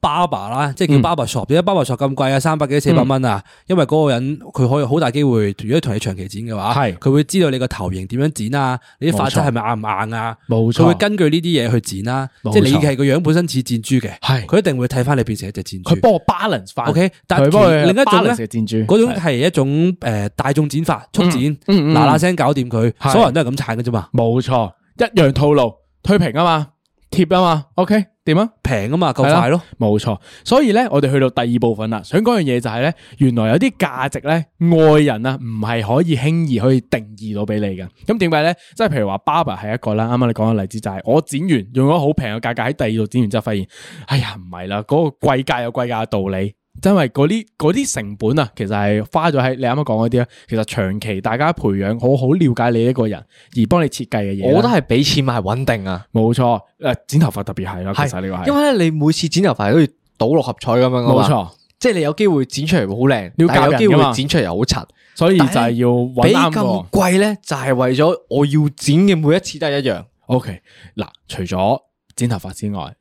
barber 啦，即係叫 barber shop，barber shop 咁貴啊，三百幾四百蚊啊。因為嗰個人佢可以好大機會，如果同你長期剪嘅話，係佢會知道你個頭型點樣剪啊，你啲髮質係咪硬唔硬啊？冇錯，佢會根據呢啲嘢去剪啦。即係你係個樣本身似箭豬嘅，係佢一定會睇翻你變成一隻。佢幫我 balance 返，OK？但係另一種咧，嗰的種係一種誒大眾剪法，速剪，嗱嗱聲搞掂佢，的所有人都係咁鏟嘅啫嘛，冇錯，一樣套路推平啊嘛。貼啊嘛，OK，點啊？平啊嘛，夠、okay? 快咯，冇錯。所以咧，我哋去到第二部分啦。想講樣嘢就係、是、咧，原來有啲價值咧，外人啊唔係可以輕易可以定義到俾你嘅。咁點解咧？即係譬如話 Barber 係一個啦，啱啱你講嘅例子就係我剪完用咗好平嘅價格喺第二度剪完之後發現，哎呀唔係啦，嗰、那個貴價有貴價嘅道理。因為嗰啲嗰啲成本啊，其實係花咗喺你啱啱講嗰啲啊。其實長期大家培養好好了解你一個人而幫你設計嘅嘢，我覺得係俾錢買係穩定啊。冇錯，誒剪頭髮特別係咯，是其實呢個係因為咧，你每次剪頭髮好似倒六合彩咁樣，冇錯，錯即係你有機會剪出嚟會好靚，有機會剪出嚟又好柒，所以就係要揾啱個。比咁貴咧，就係、是、為咗我要剪嘅每一次都係一樣。O K，嗱，除咗剪頭髮之外。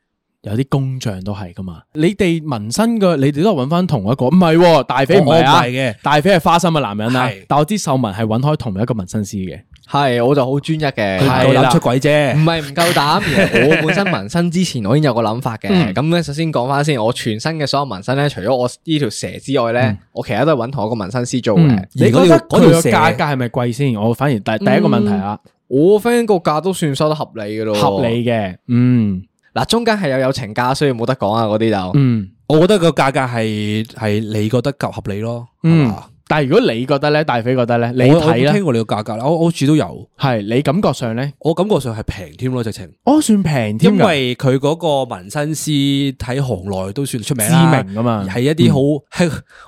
有啲工匠都係噶嘛？你哋紋身嘅，你哋都係揾翻同一個？唔係，大飛唔係嘅，大飛係花心嘅男人啦。但我知秀文係揾開同一個紋身師嘅。係，我就好專一嘅，佢夠膽出軌啫，唔係唔夠膽。我本身紋身之前我已經有個諗法嘅。咁咧，首先講翻先，我全身嘅所有紋身咧，除咗我呢條蛇之外咧，我其他都係揾同一個紋身師做嘅。你覺得嗰條蛇價格係咪貴先？我反而第第一個問題啊，我 friend 個價都算收得合理嘅咯，合理嘅，嗯。嗱，中間係有友情價，所以冇得講啊！嗰啲就，嗯，我覺得個價格係係你覺得夠合理咯，嗯。但係如果你覺得咧，大飛覺得咧，你睇啦。我我聽過你個價格，我好似都有，係你感覺上咧，我感覺上係平添咯，直情。我算平添，因為佢嗰個紋身師喺行內都算出名。知名噶嘛，係一啲好，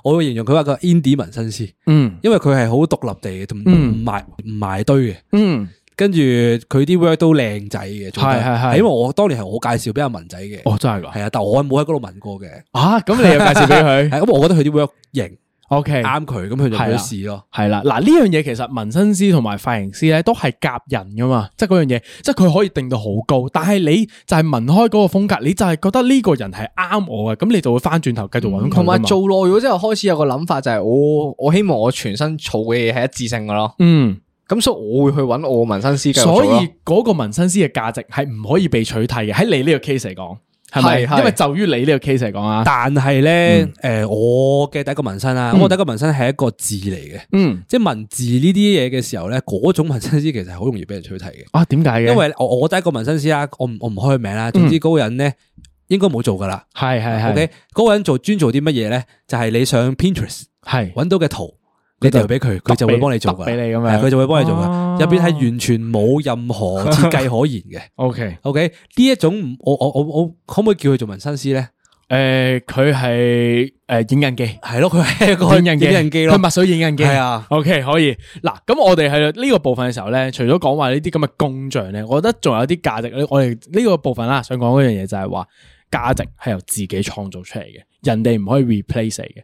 我會形容佢話個 indie 紋身師，嗯，因為佢係好獨立地，同埋唔埋堆嘅，嗯。跟住佢啲 work 都靚仔嘅，係係係，是是是因為我當年係我介紹俾阿文仔嘅。哦真係噶，係啊，但我冇喺嗰度紋過嘅，啊咁你又介紹俾佢，咁 我覺得佢啲 work 型 OK 啱佢，咁佢就去試咯，係啦，嗱呢樣嘢其實紋身師同埋髮型師咧都係夾人噶嘛，即係嗰樣嘢，即係佢可以定到好高，但係你就係紋開嗰個風格，你就係覺得呢個人係啱我嘅，咁你就會翻轉頭繼續揾佢，同埋、嗯、做耐咗之後開始有個諗法就係、是、我我希望我全身做嘅嘢係一致性嘅咯，嗯。咁所以我會去揾我紋身師繼續做咯。所以嗰個紋身師嘅價值係唔可以被取替嘅。喺你呢個 case 嚟講，係咪？是是因為就於你呢個 case 嚟講啊。但係咧，誒，我嘅第一個紋身啦，咁、嗯、我第一個紋身係一個字嚟嘅。嗯，即係文字呢啲嘢嘅時候咧，嗰種紋身師其實好容易俾人取替嘅。啊，點解嘅？因為我我第一個紋身師啊，我唔我唔開名啦。總之，嗰個人咧應該冇做噶啦。係係係。OK，嗰個人專做專做啲乜嘢咧？就係、是、你上 Pinterest 係搵到嘅圖是是。你掉俾佢，佢就會幫你做噶。俾你咁樣，佢就會幫你做噶。入邊係完全冇任何設計可言嘅。O K O K 呢一種，我我我我可唔可以叫佢做紋身師咧？誒、呃，佢係誒影印機，係咯，佢係一個影印機，佢墨水影印機啊。okay，可以。嗱，咁我哋係呢個部分嘅時候咧，除咗講話呢啲咁嘅工匠咧，我覺得仲有啲價值。我我哋呢個部分啦，想講嗰樣嘢就係話，價值係由自己創造出嚟嘅，人哋唔可以 replace 嘅。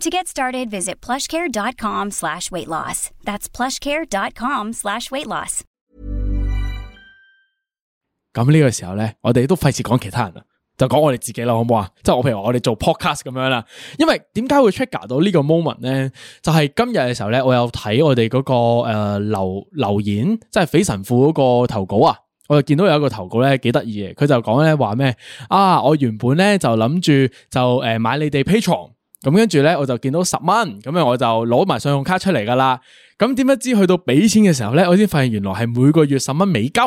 To get started，visit plushcare.com/weightloss. That's plushcare.com/weightloss. 咁呢個時候呢，我哋都費事講其他人啦，就講我哋自己啦，好唔好啊？即係我譬如話我哋做 podcast 咁樣啦。因為點解會 check 到呢個 moment 呢？就係今日嘅時候呢，我有睇我哋嗰個誒留留言，即係匪神父嗰個投稿啊。我就見到有一個投稿呢幾得意嘅。佢就講呢話咩啊？我原本呢就諗住就誒買你哋 Patreon。咁跟住咧，我就見到十蚊，咁樣我就攞埋信用卡出嚟噶啦。咁點不知去到俾錢嘅時候咧，我先發現原來係每個月十蚊美金。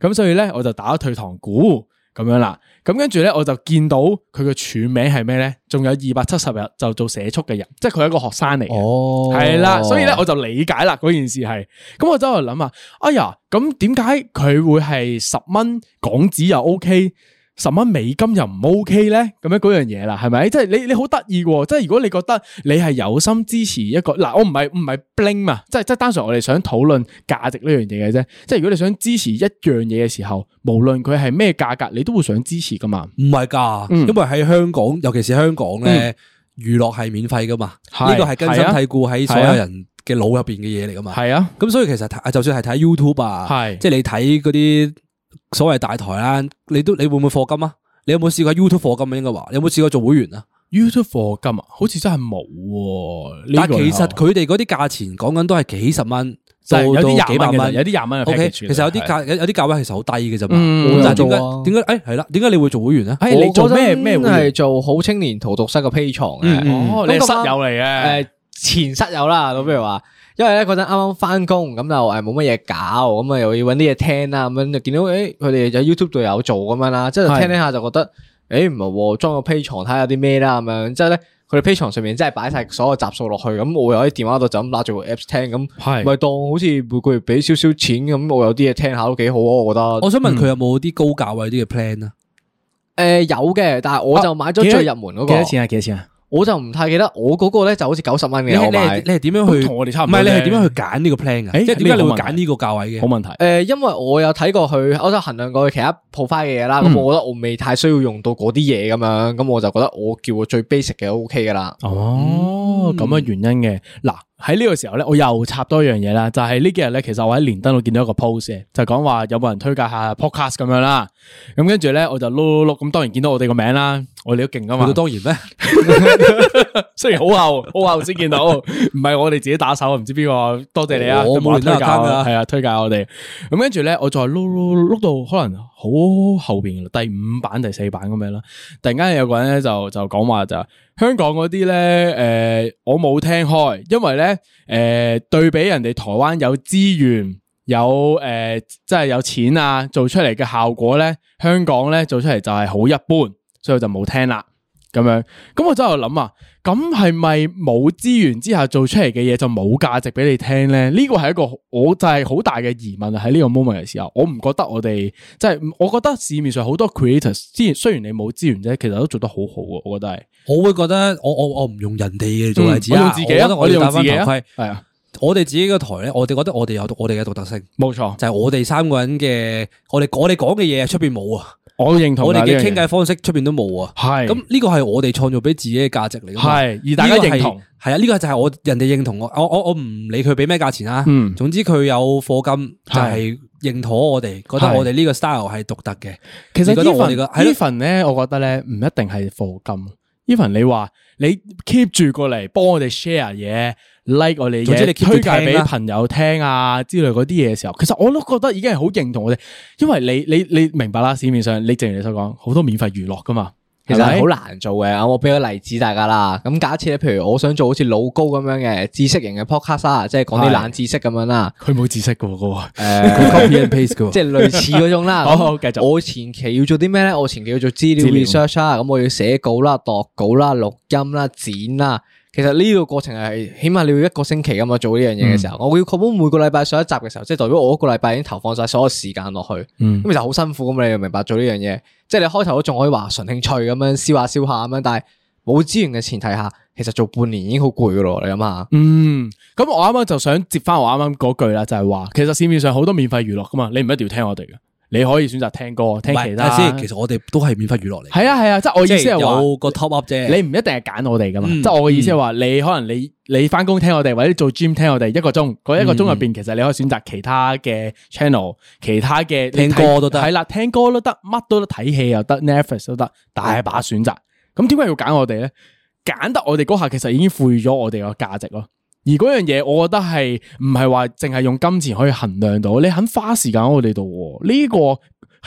咁所以咧，我就打退堂鼓咁樣啦。咁跟住咧，我就見到佢嘅署名係咩咧？仲有二百七十日就做社畜嘅人，即係佢係一個學生嚟嘅，係啦、哦。所以咧，我就理解啦嗰件事係。咁我之後諗下，哎呀，咁點解佢會係十蚊港紙又 OK？十蚊美金又唔 OK 咧，咁樣嗰樣嘢啦，係咪？即係你你好得意喎！即係如果你覺得你係有心支持一個嗱、啊，我唔係唔係 bling 嘛，即係即係單純我哋想討論價值呢樣嘢嘅啫。即係如果你想支持一樣嘢嘅時候，無論佢係咩價格，你都會想支持噶嘛？唔係噶，因為喺香港，尤其是香港咧，娛樂係免費噶嘛。呢個係根深蒂固喺所有人嘅腦入邊嘅嘢嚟噶嘛。係啊，咁所以其實就算係睇 YouTube 啊，即係是你睇嗰啲。所謂大台啦，你都你會唔會課金啊？你有冇試過 YouTube 課金啊？應該話，你有冇試過做會員啊？YouTube 課金啊，好似真係冇。但其實佢哋嗰啲價錢講緊都係幾十蚊，有啲幾百蚊，有啲廿蚊。OK，其實有啲價有啲價位其實好低嘅啫嘛。嗯，點解點解？誒，係啦，點解你會做會員咧？你做咩咩會員係做好青年荼毒室嘅 Patreon 嘅。你室友嚟嘅。誒，前室友啦，咁譬如話？因為咧嗰陣啱啱翻工，咁就誒冇乜嘢搞，咁啊又要搵啲嘢聽啦，咁樣就見到誒佢、欸、哋喺 YouTube 度有做咁樣啦，即係聽聽一下就覺得誒唔係裝個 Patreon 睇下有啲咩啦，咁樣，之後咧佢哋 Patreon 上面真係擺晒所有集數落去，咁我又喺電話度就咁拉住個 apps 聽，咁咪是當好似每個月俾少少錢咁，我有啲嘢聽下都幾好啊，我覺得。我想問佢有冇啲高價位啲嘅 plan 啊？誒、嗯呃、有嘅，但係我就買咗最入門嗰、那個，幾、啊、多錢啊？幾多錢啊？我就唔太記得，我嗰個咧就好似九十蚊嘅，你你你係點樣去同我哋差唔多。唔係你係點樣去揀呢個 plan 嘅？欸、即係點解你會揀呢個價位嘅？冇、欸、問題。誒、呃，因為我有睇過佢，我就衡量過其他鋪花嘅嘢啦。咁、嗯、我覺得我未太需要用到嗰啲嘢咁樣，咁我就覺得我叫我最 basic 嘅 O K 噶啦。哦，咁嘅、嗯、原因嘅嗱。喺呢個時候咧，我又插多一樣嘢啦，就係、是、呢幾日咧，其實我喺連登度見到一個 post 就講、是、話有冇人推介下 podcast 咁樣啦。咁跟住咧，我就碌碌碌，咁當然見到我哋個名啦，我哋都勁噶嘛。當然咧，雖然好後，好後先見到，唔係 我哋自己打手，唔知邊個。多謝你啊，冇人、哦、推介，推介，推介啊，係啊，推介我哋。咁跟住咧，我再碌碌碌到可能好後邊，第五版、第四版咁樣啦。突然間有個人咧就就講話就。就說說就香港嗰啲咧，誒、呃，我冇聽開，因為咧，誒、呃，對比人哋台灣有資源，有誒、呃，即係有錢啊，做出嚟嘅效果咧，香港咧做出嚟就係好一般，所以我就冇聽啦。咁樣，咁我真係諗啊，咁係咪冇資源之下做出嚟嘅嘢就冇價值俾你聽咧？呢個係一個我就係好大嘅疑問，喺呢個 moment 嘅時候，我唔覺得我哋即係，我覺得市面上好多 creators，雖然雖然你冇資源啫，其實都做得好好嘅。我覺得係，我會覺得我我我唔用人哋嘅做例子啊，嗯，我用自己啊，我，我，我用自己啊，係啊，啊我哋自己嘅台咧，我哋覺得我哋有我哋嘅獨特性，冇錯，就係我哋三個人嘅，我哋講，我哋講嘅嘢，出邊冇啊。我都認同。我哋嘅傾偈方式出邊都冇啊。係是。咁呢個係我哋創造俾自己嘅價值嚟嘅。係。而大家認同。係啊，呢、這個就係我人哋認同我。我我我唔理佢俾咩價錢啊。嗯。總之佢有課金是就係認同我哋，是覺得我哋呢個 style 係獨特嘅。其實呢份呢，覺我，這個、我覺得呢唔一定係課金。呢份你話你 keep 住過嚟幫我哋 share 嘢。Like 我哋嘢或者推介俾朋友聽啊，啊之類嗰啲嘢嘅時候，其實我都覺得已經係好認同我哋，因為你你你明白啦，市面上你正如你所講，好多免費娛樂噶嘛，其實係好難做嘅。吧我俾個例子大家啦，咁假設咧，譬如我想做好似老高咁樣嘅知識型嘅 Podcast，即係講啲懶知識咁樣啦。佢冇對知識噶，個喎、呃，佢 copy and paste 噶，即係類似嗰種啦。 我前期要做啲咩咧？我前期要做資料 research 啊，咁我要寫稿啦、度稿啦、錄音啦、剪啦。其實呢個過程係起碼你要一個星期咁樣、嗯、做呢樣嘢嘅時候，我要確保每個禮拜上一集嘅時候，即係代表我一個禮拜已經投放晒所有時間落去，咁、嗯、其實好辛苦咁啊！你就明白做呢樣嘢，即係你開頭都仲可以話純興趣咁樣燒下燒下咁樣，但係冇資源嘅前提下，其實做半年已經好攰噶咯，你諗下，嗯，咁我啱啱就想接翻我啱啱嗰句啦，就係、是、話，其實市面上好多免費娛樂噶嘛，你唔一定要聽我哋嘅。你可以選擇聽歌，聽其他先。其實我哋都係免費娛樂嚟。係啊係啊，即係、啊、我意思係有個 top up 啫。你唔一定係揀我哋噶嘛。即係、嗯、我嘅意思係話，嗯、你可能你你翻工聽我哋，或者做 gym 聽我哋一個鐘。嗰一個鐘入邊，其實你可以選擇其他嘅 channel，其他嘅、嗯、聽歌都得。係啦，聽歌都得，乜都得，睇戲又得，Netflix 都得，嗯、大把選擇。咁點解要揀我哋咧？揀得我哋嗰下，其實已經賦予咗我哋個價值咯。而嗰樣嘢，我覺得係唔係話淨係用金錢可以衡量到，你肯花時間喺我哋度，呢個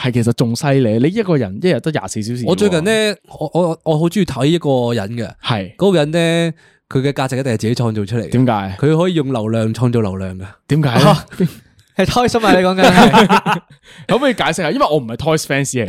係其實仲犀利。你一個人一日得廿四小時，我最近咧，我我我好中意睇一個人嘅，係嗰是個人咧，佢嘅價值一定係自己創造出嚟。點解何？佢可以用流量創造流量嘅？點解？ 開心啊！你講緊可唔可以解釋下？因為我唔係 Toys fans 嚟，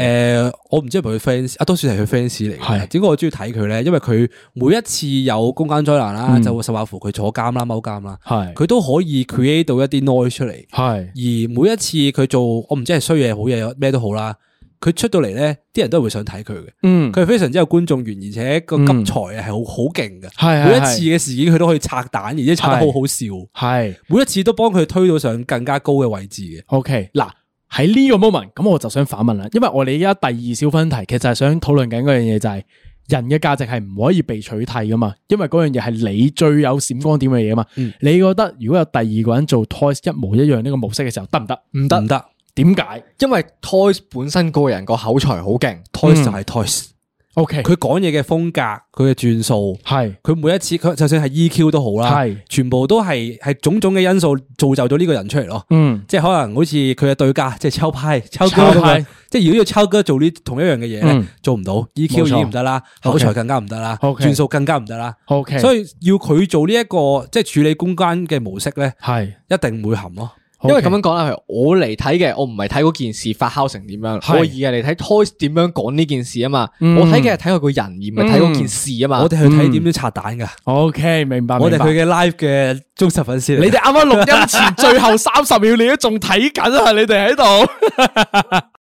誒，我唔知係咪佢 fans，啊，多數係佢 fans 嚟嘅。係點解我中意睇佢咧？因為佢每一次有公關災難啦，嗯、就會十把乎佢坐監啦、踎監啦，係佢是都可以 create 到一啲 noise 出嚟，係、嗯、而每一次佢做，我唔知係衰嘢、好嘢、咩都好啦。佢出到嚟咧，啲人都會想睇佢嘅。嗯，佢非常之有觀眾緣，而且個急才啊係好好勁嘅。係係、嗯、係每一次嘅事件佢都可以拆彈，而且拆得好好笑。係每一次都幫佢推到上更加高嘅位置嘅。OK，嗱喺呢個 moment，咁我就想反問啦，因為我哋而家第二小分題其實係想討論緊嗰樣嘢，就係人嘅價值係唔可以被取代噶嘛。因為嗰樣嘢係你最有閃光點嘅嘢啊嘛。嗯、你覺得如果有第二個人做 Twice 一模一樣呢個模式嘅時候得唔得？唔得唔得。唔得。點解？因為 Toys 本身個人個口才好勁，Toys 就係 Toys，OK。佢講嘢嘅風格，佢嘅轉數，係佢每一次，佢就算係 EQ 都好啦，係全部都係係種種嘅因素造就咗呢個人出嚟咯。嗯，即係可能好似佢嘅對家，即係抽派、抽哥，即係如果要抽哥做呢同一樣嘅嘢，做唔到 EQ 已經唔得啦，口才更加唔得啦，轉數更加唔得啦。OK，所以要佢做呢一個即係處理公關嘅模式咧，係一定唔會含咯。Okay. 因為咁樣講啦，我嚟睇嘅，我唔係睇嗰件事發酵成點樣，可以啊是，嚟睇 Toyz 點樣講呢件事啊嘛。嗯、我睇嘅係睇佢個人，而唔係睇嗰件事啊嘛。嗯、我哋去睇點樣拆蛋噶。O、okay, K，明白。我哋佢嘅 live 嘅忠實粉絲。白你哋啱啱錄音前最後三十秒， 你都仲睇緊啊？你哋喺度。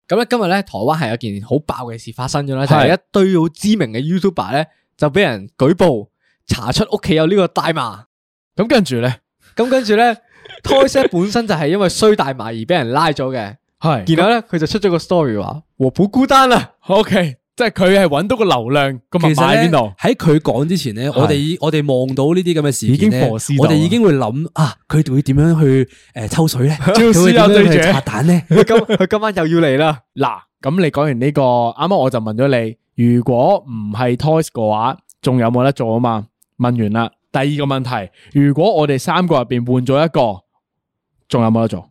咁咧，今日咧，台灣係有件好爆嘅事發生咗啦，就係、是、一堆好知名嘅 YouTuber 咧，就俾人舉報查出屋企有呢個大麻。咁跟住咧，咁跟住咧。Toys 本身就係因為衰大麻而俾人拉咗嘅，係，然後咧佢就出咗個 story 話我好孤單啊，OK，即係佢係揾到個流量個密碼喺邊度？喺佢講之前咧，我哋我哋望到呢啲咁嘅事已咧，我哋已經會諗啊，佢會點樣去誒抽水咧？招式又對住，拆彈咧？佢今佢今晚又要嚟啦。嗱，咁你講完呢個，啱啱我就問咗你，如果唔係 Toys 嘅話，仲有冇得做啊？嘛，問完啦。第二個問題，如果我哋三個入邊換咗一個。仲有冇得做？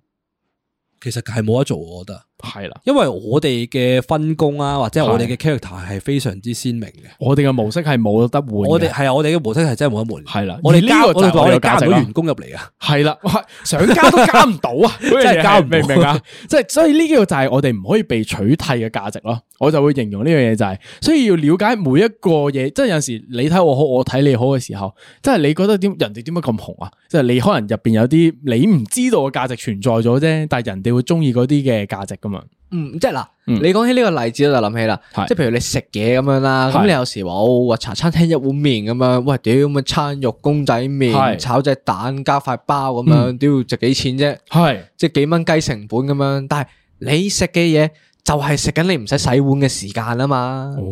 其實係冇得做，我覺得係啦，因為我哋嘅分工啊，或者我哋嘅 character 係非常之鮮明嘅，我哋嘅模式係冇得換，我哋係啊，我哋嘅模式係真係冇得換，係啦，我哋呢個我哋加到員工入嚟啊，係啦，想加都加唔到啊，即係加唔明唔明啊，即係所以呢個就係我哋唔可以被取代嘅價值咯。我就會形容呢樣嘢就係、是，所以要了解每一個嘢，即係有時你睇我好，我睇你好嘅時候，即係你覺得點？人哋點解咁紅啊？即係你可能入邊有啲你唔知道嘅價值存在咗啫，但係人哋會中意嗰啲嘅價值㗎嘛？嗯，即係嗱，嗯、你講起呢個例子我就諗起啦，即係、嗯、譬如你食嘢咁樣啦，咁是你有時話我話茶餐廳一碗麵咁樣，喂屌咁嘅餐肉公仔麵炒隻蛋加塊包咁樣，嗯、都要值幾錢啫？係即係幾蚊雞成本咁樣，但係你食嘅嘢。就係食緊你唔使洗碗嘅時間啊嘛。哦、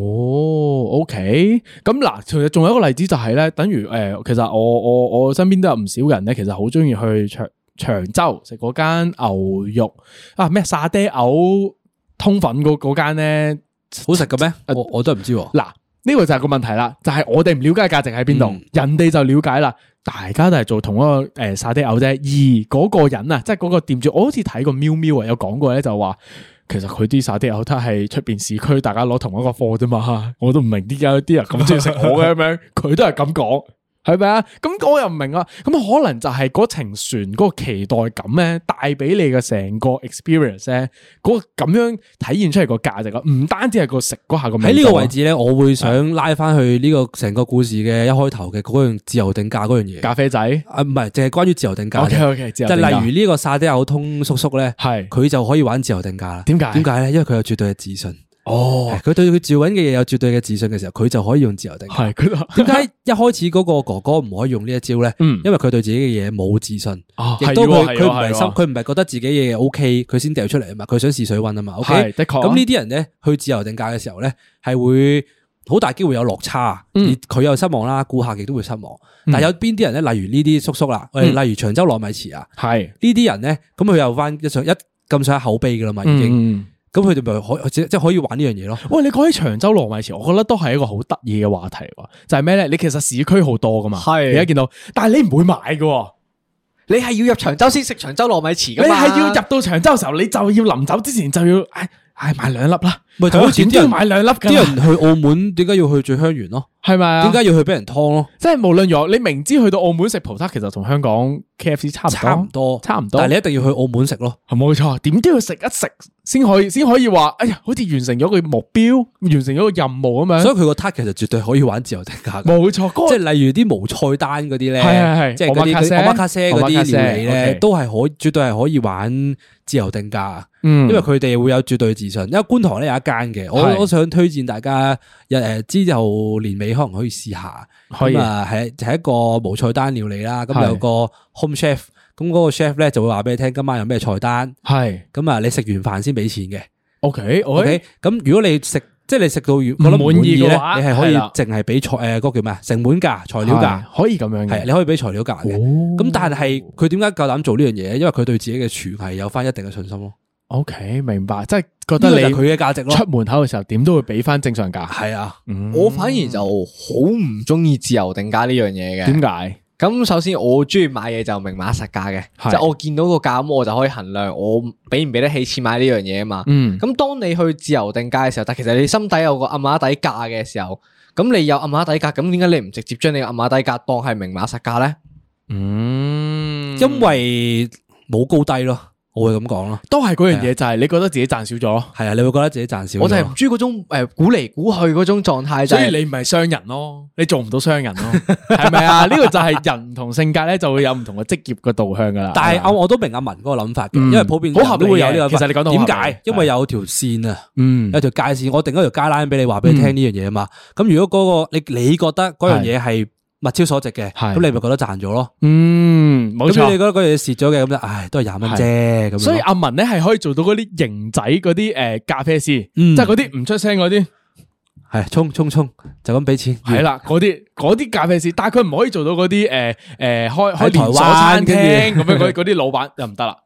oh,，OK。咁嗱，其實仲有一個例子就係、是、咧，等於誒、呃，其實我我我身邊都有唔少人咧，其實好中意去長長洲食嗰間牛肉啊，咩沙爹牛通粉嗰嗰間咧，好食嘅咩？我我都唔知、啊。嗱、呃，呢、這個就係個問題啦，就係、是、我哋唔了解嘅價值喺邊度，嗯、人哋就了解啦。大家都係做同一個誒、欸、沙爹牛啫，而嗰個人啊，即係嗰個店主，我好似睇過喵喵啊，有講過咧，就話。就其實佢啲沙爹牛撻係出邊市區，大家攞同一個貨啫嘛，我都唔明點解啲人咁中意食我嘅，咁樣，佢都係咁講。係咪啊？咁我又唔明啊。咁可能就係嗰程船嗰個期待感咧，帶俾你嘅成個 experience 咧，嗰咁樣體現出嚟個價值咯。唔單止係個食下個喺呢個位置咧，我會想拉翻去呢個成個故事嘅一開頭嘅嗰樣自由定價嗰樣嘢。咖啡仔啊，唔係淨係關於自由定價嘅，就、okay, okay, 例如呢個沙爹奧通叔叔咧，係佢是就可以玩自由定價啦。點解？點解咧？因為佢有絕對嘅自信。哦，佢對佢照揾嘅嘢有絕對嘅自信嘅時候，佢就可以用自由定價。係，點解一開始嗰個哥哥唔可以用呢一招咧？嗯，因為佢對自己嘅嘢冇自信，亦都佢唔係心，佢唔係覺得自己嘢 O K，佢先掉出嚟啊嘛，佢想試水溫啊嘛。O K，的確。咁呢啲人咧，去自由定價嘅時候咧，係會好大機會有落差，而佢又失望啦，顧客亦都會失望。但有邊啲人咧？例如呢啲叔叔啦，例如長洲糯米糍啊，係呢啲人咧，咁佢又翻一上一咁上下口碑噶啦嘛，已經。咁佢哋咪可即即可以玩呢樣嘢咯。喂，你講起長洲糯米糍，我覺得都係一個好得意嘅話題。就係咩咧？你其實市區好多噶嘛，而家是見到，但係你唔會買嘅，你係要入長洲先食長洲糯米糍噶，你係要入到長洲嘅時候，你就要臨走之前就要，唉唉買兩粒啦。咪就好似點都要買兩粒，啲人去澳門點解要去最香園咯？係咪啊？點解要去俾人劏咯？即係無論如何，你明知去到澳門食葡撻，其實同香港 K F C 差唔多，差唔多，但係你一定要去澳門食咯。係冇錯，點都要食一食先可以，先可以話哎呀，好似完成咗個目標，完成咗個任務咁樣。所以佢個撻其實絕對可以玩自由定價，冇錯。即係例如啲無菜單嗰啲咧，係係係，即係嗰啲阿馬卡西嗰啲料理咧，都係可絕對係可以玩自由定價。因為佢哋會有絕對自信，因為觀塘咧有間嘅，我我想推薦大家，又誒，之後年尾可能可以試下，咁啊係係一個無菜單料理啦，咁的有個 home chef，咁嗰個 chef 咧就會話俾你聽今晚有咩菜單，係咁啊，你食完飯先俾錢嘅，ok，ok，咁如果你食即係你食到唔滿意嘅話，話你係可以淨係俾菜誒的、呃，那個叫咩成本價、材料價，可以咁樣，係你可以俾材料價嘅，咁、哦、但係佢點解夠膽做呢樣嘢？因為佢對自己嘅廚藝有返一定嘅信心咯。O、okay, K，明白，即係覺得你佢嘅價值咯。出門口嘅時候點都會俾翻正常價。係啊，嗯、我反而就好唔中意自由定價呢樣嘢嘅。點解？咁首先我中意買嘢就明碼實價嘅，即係是我見到個價咁我就可以衡量我俾唔俾得起錢買呢樣嘢啊嘛。咁、嗯、當你去自由定價嘅時候，但其實你心底有個暗碼底價嘅時候，咁你有暗碼底價，咁點解你唔直接將你個暗碼底價當係明碼實價呢？嗯，因為冇高低咯。我會咁講咯，都係嗰樣嘢就係你覺得自己賺少咗，係啊，你會覺得自己賺少。我就係唔中意嗰種誒，鼓嚟鼓去嗰種狀態。所以你唔係商人咯，你做唔到商人咯，係咪啊？呢個就係人同性格咧，就會有唔同嘅職業嘅導向噶啦。但係我都明阿文嗰個諗法嘅，因為普遍好合理會有呢個諗法。點解？因為有條線啊，有條界線，我定一條街 line 俾你，話俾你聽呢樣嘢啊嘛。咁如果嗰個你你覺得嗰樣嘢係。物超所值嘅，咁的你咪覺得賺咗咯？嗯，冇錯。你覺得嗰樣蝕咗嘅，咁就唉，都係廿蚊啫。咁的所以阿文咧係可以做到嗰啲型仔嗰啲誒咖啡師，嗯、即係嗰啲唔出聲嗰啲，係沖冲沖就咁俾錢。係啦，嗰啲啲咖啡師，但係佢唔可以做到嗰啲誒誒開開台灣餐廳咁樣嗰啲老闆就唔得啦。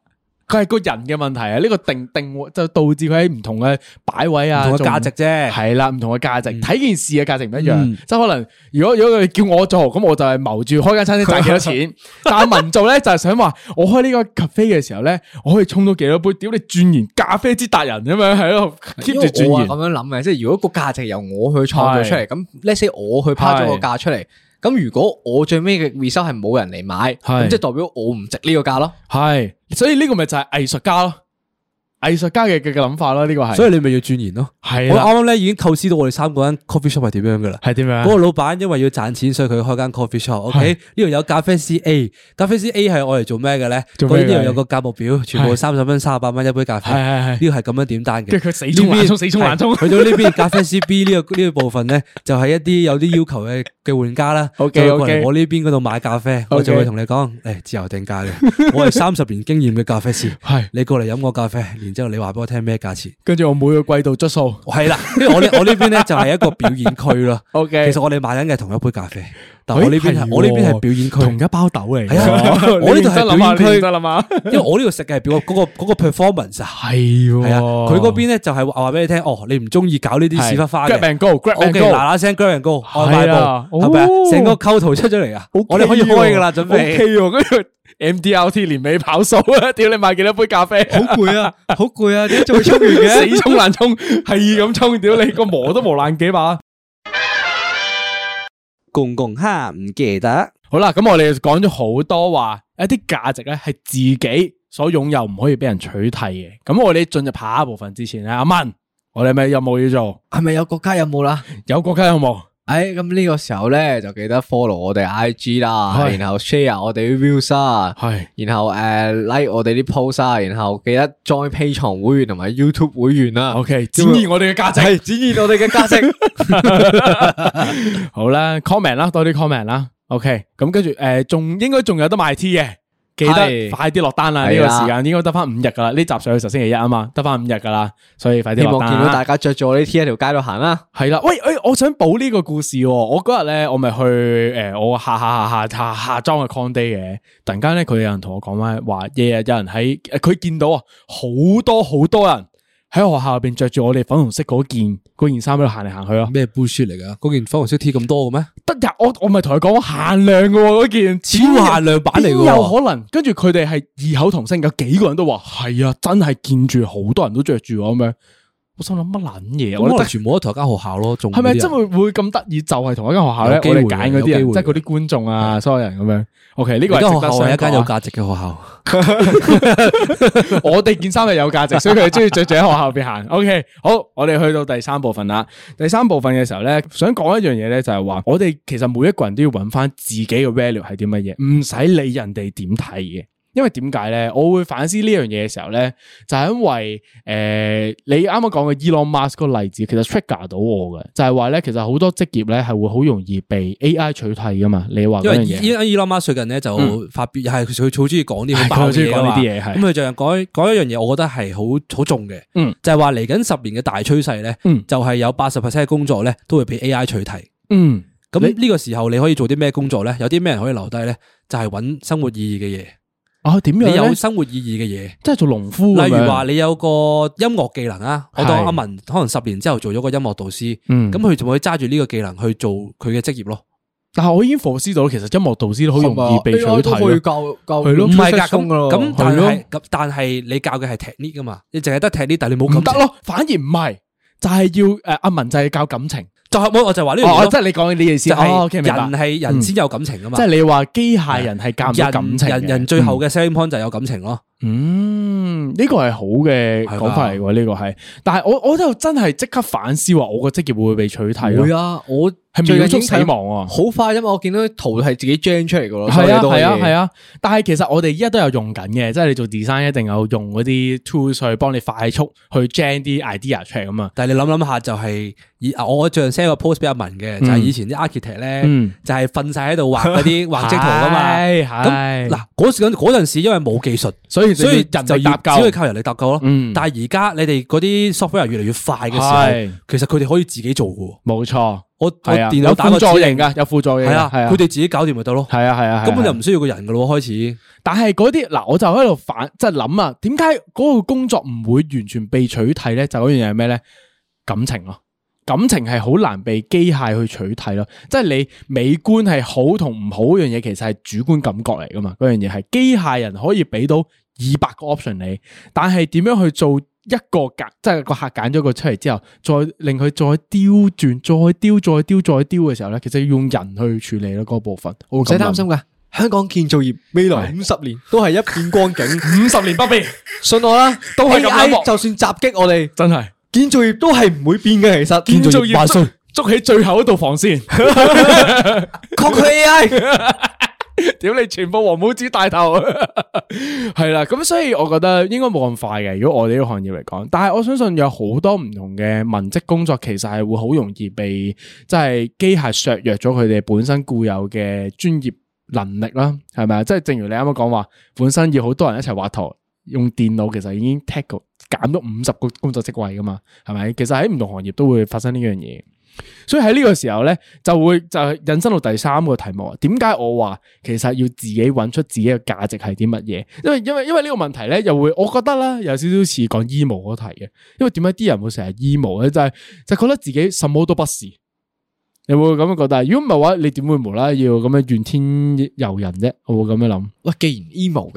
佢係個人嘅問題啊！呢、這個定定就導致佢喺唔同嘅擺位啊，唔同嘅價值啫。係啦，唔同嘅價值，睇、嗯、件事嘅價值唔一樣。嗯、即係可能，如果如果佢叫我做，咁我就係謀住開間餐廳賺幾多錢。 但民做咧就係、是、想話，我開呢個 cafe 嘅時候咧，我可以沖到幾多杯？屌你鑽研咖啡之達人咁樣係咯，keep 住鑽研咁樣諗嘅。即係如果個價值由我去創造出嚟，咁 let's say 我去拋咗個價出嚟。的咁如果我最尾嘅回收係冇人嚟買，咁是即代表我唔值呢個價咯。係，所以呢個咪就係藝術家咯。藝術家嘅嘅諗法咯，呢個係，所以你咪要鑽研咯。係，我啱啱咧已經構思到我哋三個人 coffee shop 係點樣嘅啦。係點樣？嗰個老闆因為要賺錢，所以佢開間 coffee shop。OK，呢度有咖啡師 A，咖啡師 A 係我嚟做咩嘅咧？做咩？呢度有個價目表，全部三十蚊、三十八蚊一杯咖啡。呢個係咁樣點單嘅。跟住佢死沖慢沖，死沖慢沖去到呢邊咖啡師 B 呢個呢個部分咧，就係一啲有啲要求嘅嘅玩家啦。O K O K。我呢邊嗰度買咖啡，我就會同你講，誒，自由定價嘅。我係三十年經驗嘅咖啡師。係。你過嚟飲我咖啡。然之後你話俾我聽咩價錢，跟住我每個季度出數，係啦， 我呢我呢邊咧就係一個表演區咯。 OK，其實我哋買緊嘅同一杯咖啡。但我呢邊係我呢邊係表演區，同一包豆嚟。係我呢度係表演區㗎啦嘛。因為我呢度食嘅係表嗰個嗰個 performance。係，係佢嗰邊咧就係話俾你聽，哦，你唔中意搞呢啲屎忽花嘅。Grab and go，OK，Grab and go，嗱嗱聲 Grab and go，係咪？成個構圖出咗嚟啊！我哋可以開噶啦，準備。K，跟住 M D L T 年尾跑數啊！屌你買幾多杯咖啡？好攰啊！好攰啊！點解仲沖完嘅？死沖爛沖，係咁沖！屌你個磨都磨爛幾把。公共，共哈唔記得，好啦，咁我哋講咗好多話，一啲價值咧係自己所擁有，唔可以俾人取締嘅。咁我哋進入下一部分之前咧，阿文，我哋咪有冇任務要做？係咪有國家任務啦？有國家任務。誒，咁呢、哎、個時候咧就記得 follow 我哋 IG 啦，是然後 share 我哋啲 views 啊，係是，然後誒、uh, like 我哋啲 post 啊，然後記得 join 披床會員同埋 YouTube 會員啦。OK， 展現我哋嘅價值，展現我哋嘅價值。好啦，comment 啦，多啲 comment 啦。OK，咁跟住誒，仲、呃、應該仲有得賣 T 嘅。記得的快啲落單啦！呢的個時間應該得翻五日噶啦，呢集上去就星期一啊嘛，得翻五日噶啦，所以快啲落單啦。希望見到大家着咗呢天一條街度行啦。係啦，喂，誒，我想補呢個故事，啊。我嗰日咧，我咪去誒、呃，我下下下下下下裝嘅 con day 嘅，突然間咧，佢有人同我講咧，話夜有人喺，誒、呃，佢見到啊，好多好多人。喺學校入邊着住我哋粉紅色嗰件嗰件衫喺度行嚟行去啊，咩 bullshit 嚟噶？嗰件粉紅色 T 咁多嘅咩？得呀，我我咪同佢講，限量嘅喎，嗰件超限量版嚟嘅，有可能。跟住佢哋係異口同聲，有幾個人都話係啊，真係見住好多人都着住咁樣。我心諗乜撚嘢？我覺得全部都同一間學校咯，仲係咪？真係會會咁得意？就係、是、同一間學校咧，我哋揀嗰啲機會，即係嗰啲觀眾啊，對所有人咁樣。O K，呢個一間學校係一間有價值嘅學校。 我哋件衫係有價值，所以佢哋中意着住喺學校邊行。O、okay, K，好，我哋去到第三部分啦。第三部分嘅時候咧，想講一樣嘢咧，就係話我哋其實每一個人都要揾翻自己嘅 value 係啲乜嘢，唔使理人哋點睇嘅。因為點解咧？我會反思呢樣嘢嘅時候咧，就係、是、因為誒、呃，你啱啱講嘅 Elon Musk 個例子，其實 trigger 到我嘅，就係話咧，其實好多職業咧係會好容易被 AI 取締噶嘛。你話，因為伊伊隆馬最近咧就發表，係佢好中意講啲好爆啲嘢啊。咁佢就講講一樣嘢，我覺得係好好重嘅，嗯、就係話嚟緊十年嘅大趨勢咧，嗯、就係有八十 percent 嘅工作咧都會被 AI 取締。嗯，咁呢個時候你可以做啲咩工作咧？有啲咩人可以留低咧？就係、是、搵生活意義嘅嘢。啊，點樣咧？你有生活意義嘅嘢，即係做農夫，例如話你有個音樂技能啊，我當阿文可能十年之後做咗個音樂導師，咁佢就會揸住呢個技能去做佢嘅職業咯。但係我已經老師到，其實音樂導師都好容易被取替咯。可以教教，係咯，唔係夾咁噶咯。咁但係咁，但係你教嘅係踢呢噶嘛？你淨係得踢呢，但係你冇感情，唔得咯，反而唔係，就係要誒，阿文就係教感情。就冇，我就話呢樣咯。即係你講嘅呢件事。哦，係人係人先有感情㗎嘛？嗯、即係你話機械人係冚唔感情嘅。人最後嘅 selling point 就係有感情咯。嗯，呢個係好嘅講法嚟嘅，呢個係，但係我我就真係即刻反思話，我個職業會唔會被取代？會啊，我係迅速死亡啊，好快，因為我見到啲圖係自己 gen 出嚟嘅咯，係啊係啊係啊，但係其實我哋依家都有用緊嘅，即係你做 design 一定有用嗰啲 tools 去幫你快速去 gen 啲 idea 出嚟㗎嘛。但係你諗諗下就係，是，我最近 send 個 post 俾阿文嘅，就係，是，以前啲 architect 咧，嗯嗯、就係瞓晒喺度畫嗰啲畫則圖噶嘛，咁嗱嗰陣嗰陣時因為冇技術，所以。所以人就要只可靠人嚟搭救咯。嗯，但係而家你哋嗰啲 software 越嚟越快嘅時候，是其實佢哋可以自己做嘅。冇錯，我電腦輔助型嘅，有輔助嘅。係啊係啊，佢哋、啊啊、自己搞掂咪得咯。係啊係啊，啊啊根本就唔需要個人嘅咯。開始，但係嗰啲嗱，我就喺度反即係諗啊，點解嗰個工作唔會完全被取代咧？就嗰樣嘢係咩咧？感情咯、啊，感情係好難被機械去取代咯。即、就、係、是、你美觀係好同唔好嗰樣嘢，其實係主觀感覺嚟噶嘛。嗰樣嘢係機械人可以俾到。二百個 option 你，但係點樣去做一個格？即係個客揀咗個出嚟之後，再令佢再刁轉，再刁再刁再刁嘅時候咧，其實要用人去處理咯，嗰部分唔使擔心噶。香港建造業未來五十年都係一片光景，五十 年不變，信我啦。都係咁，就算襲擊我哋，真係的建造業都係唔會變嘅。其實，建造業捉、捉、捉起最後一道防線，靠 AI。屌 你！全部黃帽子大頭，係 啦，咁所以我覺得應該冇咁快嘅。如果我哋呢個行業嚟講，但係我相信有好多唔同嘅文職工作，其實係會好容易被即係機械削弱咗佢哋本身固有嘅專業能力啦，係咪啊？即係正如你啱啱講話，本身要好多人一齊畫圖，用電腦其實已經 take 減咗五十個工作職位噶嘛，係咪？其實喺唔同行業都會發生呢樣嘢。所以喺呢個時候咧，就會就係引申到第三個題目啊。點解我話其實要自己揾出自己嘅價值係啲乜嘢？因為因為因為呢個問題咧，又會我覺得啦，有少少似講 emo 嗰題嘅。因為點解啲人會成日 emo 咧？就係、是、就覺得自己什麼都不是。你會唔會咁樣覺得？如果唔係嘅話，你點會無啦啦要咁樣怨天尤人啫？我會咁樣諗。喂，既然 emo 嘅，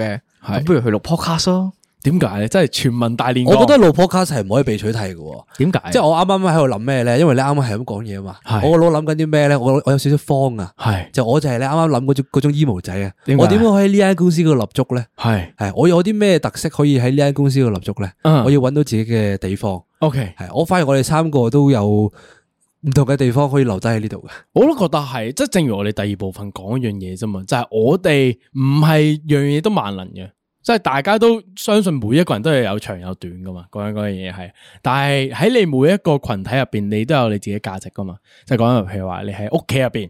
的不如去錄 podcast 咯。點解？真係全民大練歌。我覺得老婆卡士係唔可以被取締嘅。點解何？即係我啱啱喺度諗咩咧？因為你啱啱係咁講嘢啊嘛。是我個腦諗緊啲咩咧？我我有少少慌啊。係是。就我就係你啱啱諗嗰種種衣帽仔啊。何我點樣可以喺呢間公司嗰度立足咧？係係是。我有啲咩特色可以喺呢間公司嗰度立足咧？是我要搵到自己嘅地方。O K、嗯。係。我發現我哋三個都有唔同嘅地方可以留低喺呢度嘅。Okay. 我都覺得係，即係正如我哋第二部分講一樣嘢啫嘛，就係、是、我哋唔係樣樣嘢都萬能嘅。即係大家都相信每一個人都係有長有短噶嘛，講緊嗰樣嘢係。但係喺你每一個群體入邊，你都有你自己價值噶嘛。即係講緊譬如話，你喺屋企入邊，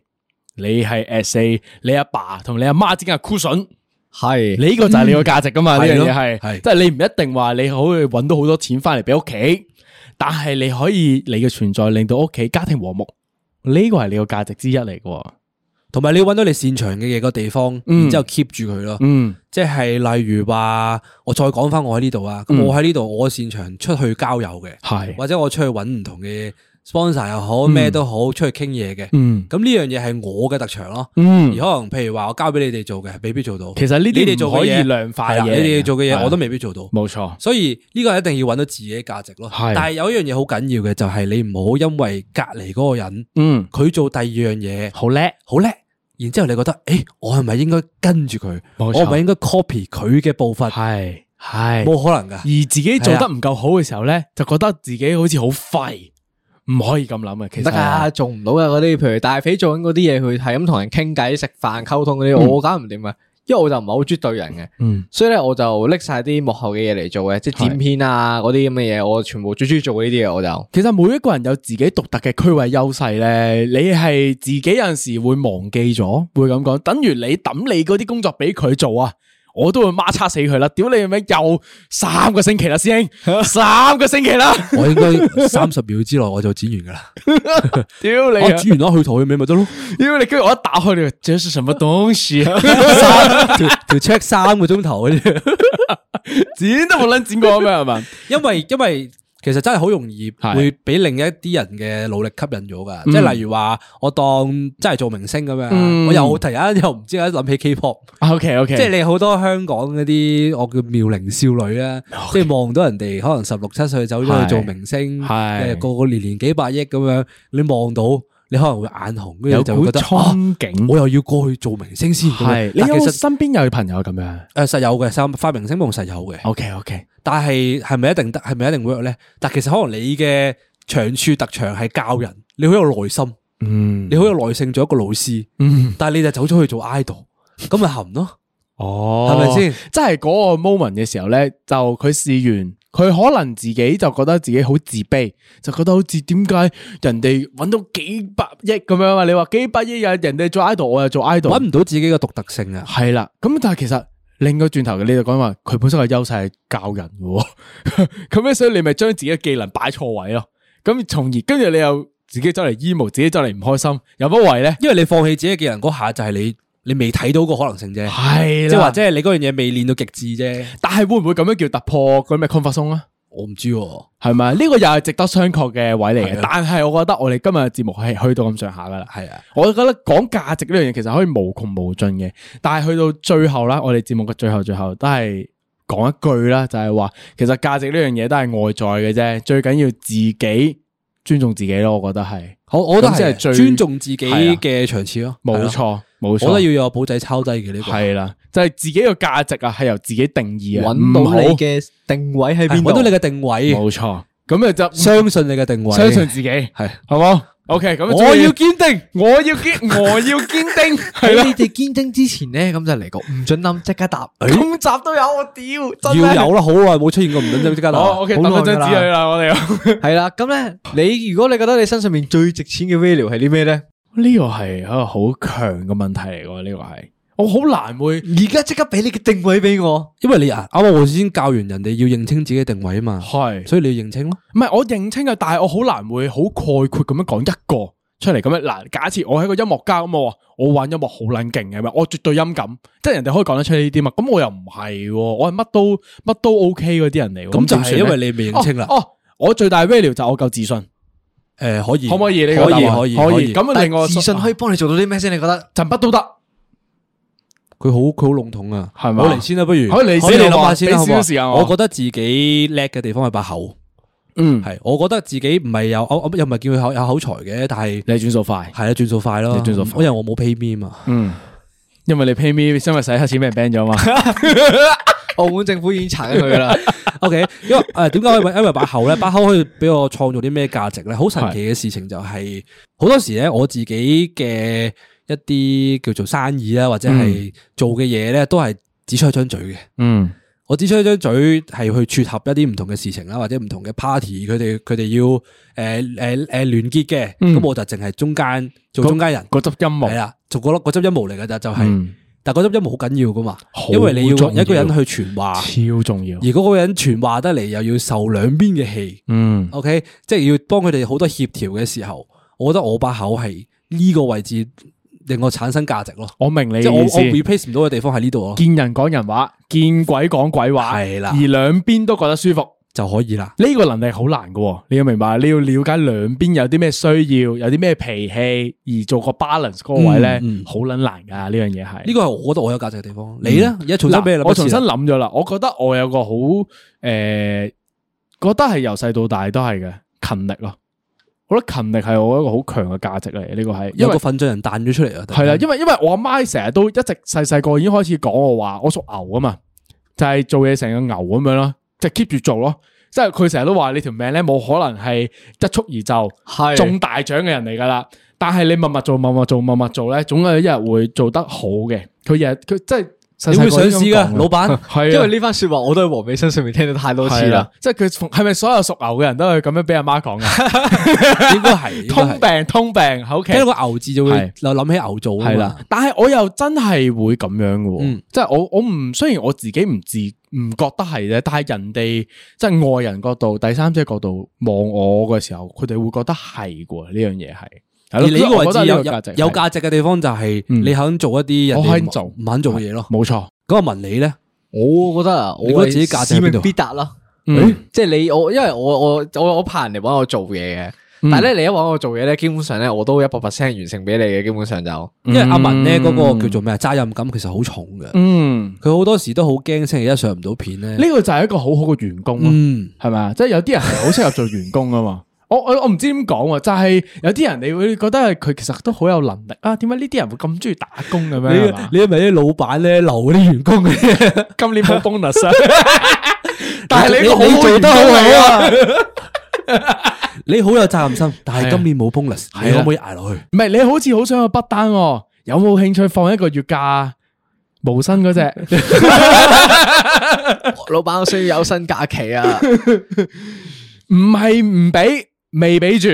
你係 SA 你阿爸同你阿媽之間嘅 cushion，係你呢個就係你個價值噶嘛。呢樣嘢係，係即係你唔一定話你可以搵到好多錢翻嚟俾屋企，但係你可以你嘅存在令到屋企家庭和睦，呢、這個係你個價值之一嚟噶。同埋你要揾到你擅長嘅嘢個地方，然之後 keep 住佢咯。即係例如話，我再講翻我喺呢度啊。咁我喺呢度，我擅長出去交友嘅，或者我出去揾唔同嘅 sponsor 又好咩都好，出去傾嘢嘅。咁呢樣嘢係我嘅特長咯。而可能譬如話，我交俾你哋做嘅，未必做到。其實呢啲你可以量化嘅嘢你哋做嘅嘢，我都未必做到。冇錯。所以呢個一定要揾到自己價值咯。但係有一樣嘢好緊要嘅，就係你唔好因為隔離嗰個人，佢做第二樣嘢好叻，好叻。然之後你覺得，誒、欸，我係咪應該跟住佢？錯我係咪應該 copy 佢嘅部分？係係冇可能噶而自己做得唔夠好嘅時候咧，的就覺得自己好似好廢，唔可以咁諗啊。其實得啊，做唔到啊。嗰啲譬如大肥做緊嗰啲嘢，佢係咁同人傾偈、食飯、溝通嗰啲，我搞唔掂啊。嗯因為我就唔係好中意對人嘅，嗯、所以咧我就拎晒啲幕後嘅嘢嚟做嘅，即係剪片啊嗰啲咁嘅嘢，我全部最中意做呢啲嘢，我就。其實每一個人有自己獨特嘅區位優勢咧，你係自己有陣時會忘記咗，會咁講，等於你抌你嗰啲工作俾佢做啊。我都會抹擦死佢啦！屌你咪又三個星期啦，師兄三個星期啦！我應該三十秒之內我就剪完噶啦、 啊！屌 你！我剪完攞去頭去尾咪得咯！屌你！跟住我一打開你就，這是什麼東西、啊？條條 check 三個鐘頭，剪都冇撚剪過噉樣？係嘛？ 因為因為。其實真係好容易會俾另一啲人嘅努力吸引咗噶，即係的、嗯、例如話我當真係做明星咁樣，嗯、我又突然間又唔知諗起 K-pop。O K O K，即係你好多香港嗰啲我叫妙齡少女啦，Okay 即係望到人哋可能十六七歲走咗去做明星，係個的個年年幾百億咁樣，你望到。你可能會眼紅，跟住就會覺得憧憬啊，我又要過去做明星先。係的，但其實身邊有朋友咁樣。誒、呃，實有嘅，實發明星夢實有嘅。OK OK，但係係咪一定得？係咪一定 work 咧？但其實可能你嘅長處特長係教人，你好有耐心，嗯，你好有耐性做一個老師，嗯，但係你就走咗去做 idol，咁咪含咯、啊。哦，係咪先？即係嗰個 moment 嘅時候咧，就佢試完。佢可能自己就覺得自己好自卑，就覺得好似點解人哋搵到幾百億咁樣啊？你話幾百億又人哋做 idol，我又做 idol，搵唔到自己嘅獨特性啊！係啦，咁但係其實擰個轉頭嘅，你就講話佢本身嘅優勢係教人嘅，咁 所以你咪將自己嘅技能擺錯位咯。咁從而跟住你又自己走嚟 emo，自己走嚟唔開心，有乜謂咧？因為你放棄自己嘅技能嗰下就係你。你未睇到個可能性啫，係即係話，係你嗰樣嘢未練到極致啫。但係會唔會咁樣叫突破嗰咩 comfort zone 啊？我唔知，係咪呢個又係值得商榷嘅位嚟嘅？的但係我覺得我哋今日嘅節目係去到咁上下噶啦，係啊的。我覺得講價值呢樣嘢其實可以無窮無盡嘅，但係去到最後啦，我哋節目嘅最後最後都係講一句啦，就係話其實價值呢樣嘢都係外在嘅啫，最緊要自己尊重自己咯。我覺得係。我我覺得係尊重自己嘅長處咯，冇錯冇錯，對錯我覺得要有保仔抄低嘅呢個係啦，就係、是、自己個價值啊，係由自己定義啊，揾到你嘅定位係邊，揾到你嘅定位，冇錯，咁你就相信你嘅定位，相信自己，係對好,好。冇。O K，咁我要堅定，我要堅， 我要堅定。喺 是的 你哋堅定之前咧，咁就嚟個唔准諗，即刻答。通集都有，我屌，真要有啦！好耐、啊、冇出現過唔准諗，即刻答。好，O K，等張紙去啦，我哋係啦。咁 咧，你如果你覺得你身上面最值錢嘅 value 係啲咩咧？呢 個係一個好強嘅問題嚟嘅，呢、這個係。我好難會而家即刻俾你個定位俾我，因為你啊，啱啱我先教完人哋要認清自己嘅定位啊嘛，係，所以你要認清咯。唔係我認清啊，但係我好難會好概括咁樣講一個出嚟咁樣。嗱，假設我係一個音樂家咁啊，我玩音樂好捻勁嘅，我絕對音感，即係人哋可以講得出呢啲嘛。咁我又唔係，我係乜都乜都 OK 嗰啲人嚟，咁就係因為你未認清啦。哦，我最大 value 就係我夠自信。誒，可以，可唔可以你可以，可以，可以。咁啊，另外自信可以幫你做到啲咩先？你覺得？陣筆都得。佢好佢好籠統啊，係嘛？我嚟先啦，不如我嚟先，你落先啦。我覺得自己叻嘅地方係把口，嗯，係。我覺得自己唔係有，我又唔係見佢口有口才嘅，但係你轉數快，係啊，轉數快咯。轉數快，因為我冇 pay me 嘛，嗯，因為你 pay me，因為洗黑錢俾人 ban 咗嘛。澳門政府已經查咗佢啦。OK，因為誒點解因為把口咧，把口可以俾我創造啲咩價值咧？好神奇嘅事情就係好多時咧，我自己嘅。一啲叫做生意啦，或者係做嘅嘢咧，都係指出一張嘴嘅。嗯，我指出一張嘴係去撮合一啲唔同嘅事情啦，或者唔同嘅 party，佢哋佢哋要誒誒誒聯結嘅，咁、嗯、我就淨係中間做中間人嗰執、嗯、音樂係啦，做嗰粒執音樂嚟噶咋，就係、嗯、但嗰執音樂好緊要噶嘛，因為你要一個人去傳話超重要，如果嗰個人傳話得嚟，又要受兩邊嘅氣，嗯，OK，即係要幫佢哋好多協調嘅時候，我覺得我把口係呢個位置。令我產生價值咯，我明你，即係我我 replace 唔到嘅地方喺呢度啊！見人講人話，見鬼講鬼話，係啦了，而兩邊都覺得舒服就可以啦。呢個能力好難噶，你要明白，你要了解兩邊有啲咩需要，有啲咩脾氣，而做個 balance 嗰位咧，好撚、嗯、難噶呢樣嘢係。呢個係我覺得我有價值嘅地方，嗯、你咧而家重新咩我重新諗咗啦，我覺得我有個好誒、呃，覺得係由細到大都係嘅勤力咯。我覺得勤力係我一個好強嘅價值嚟，呢個係一個奮進人彈咗出嚟啊！係啊，因為因為我阿媽成日都一直細細個已經開始講我話，我屬牛啊嘛，就係、是、做嘢成個牛咁樣咯，就 keep、是、住做咯。即係佢成日都話你條命咧冇可能係一蹴而就是中大獎嘅人嚟㗎啦，但係你默默做、默默做、默默做咧，總有一日會做得好嘅。佢日佢即係。你會想死噶，老闆闆， 的因為呢番說話我都喺黃偉森上面聽到太多次啦。即係佢係咪所有屬牛嘅人都係咁樣俾阿媽講嘅？應該係，通病，通病。OK，聽到個牛字就會又諗起牛做。係啦的，但係我又真係會咁樣嘅，即係、嗯、我我唔雖然我自己唔自唔覺得係啫，但係人哋即係外人角度、第三者角度望我嘅時候，佢哋會覺得係呢樣嘢係。而你個位置有有價值嘅地方就係你肯做一啲人唔肯做唔肯做嘅嘢咯，冇錯。咁阿文你咧，我覺得啊，我覺得自己價值喺邊度咯？使命必達囉。即係你我，因為我我我我怕人哋搵我做嘢嘅，但係咧你一搵我做嘢咧，基本上咧我都一百 percent 完成俾你嘅。基本上就因為阿文咧嗰個叫做咩啊，責任感其實好重嘅。嗯，佢好多時都好驚，星期一上唔到片咧。呢個就係一個好好嘅員工咯，係咪啊？即係有啲人係好適合做員工啊嘛。我我我唔知點講，就係、是、有啲人你會覺得佢其實都好有能力啊？點解呢啲人會咁中意打工咁樣？你係咪啲老闆咧留啲員工？ 今年冇 bonus，、啊、 但係你好,好做得好啊！ 你好有責任心，但係今年冇 bonus， 你可唔可以捱落去？唔係你好似好想去北單哦？有冇興趣放一個月假？無薪嗰隻， 老闆我需要有薪假期啊！唔係唔俾。未俾住，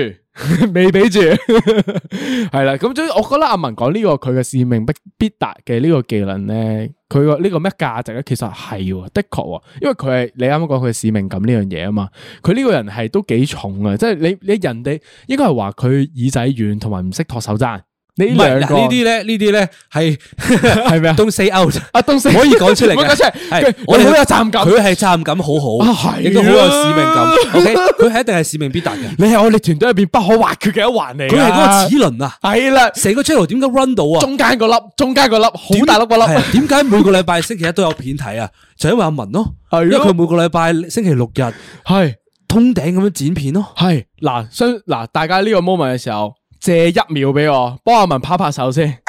未俾住，係啦。咁所以我覺得阿文講呢個佢嘅使命必必達嘅呢個技能咧，佢個呢個咩價值咧？其實係，的確，喎，因為佢係你啱啱講佢嘅使命感呢樣嘢啊嘛。佢呢個人係都幾重啊，即係你你人哋應該係話佢耳仔軟同埋唔識托手踭。唔係，呢啲咧，呢啲咧係係咩啊？Don't say out，阿 Don't 可以講出嚟，唔好講出嚟。我哋都有站感，佢係站感好好，係啦，亦都好有使命感。O K，佢係一定係使命必達嘅。你係我哋團隊入邊不可或缺嘅一環嚟，佢係嗰個齒輪啊，係啦。成個 studio 點解 run 到啊？中間個粒，中間個粒，好大粒個粒。點解每個禮拜星期一都有片睇啊？就因為阿文咯，係，因為佢每個禮拜星期六日係通頂咁樣剪片咯。係，嗱，嗱，大家呢個 moment 嘅時候。借一秒俾我，幫阿文拍拍手先。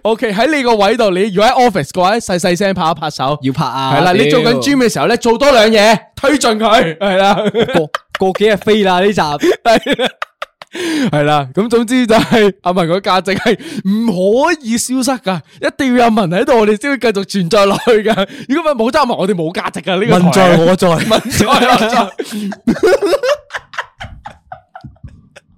OK，喺你個位度，你如果喺 office 嘅話，細細聲拍一拍手，要拍啊！係啦，你做緊 gym 嘅時候咧，做多兩嘢，推進佢。係啦，過過幾日飛啦呢集。係啦，咁總之就係阿文個價值係唔可以消失噶，一定要有阿文喺度，我哋先會繼續存在落去噶。如果冇阿文，我哋冇價值噶呢個。文在，我在。文在，我在。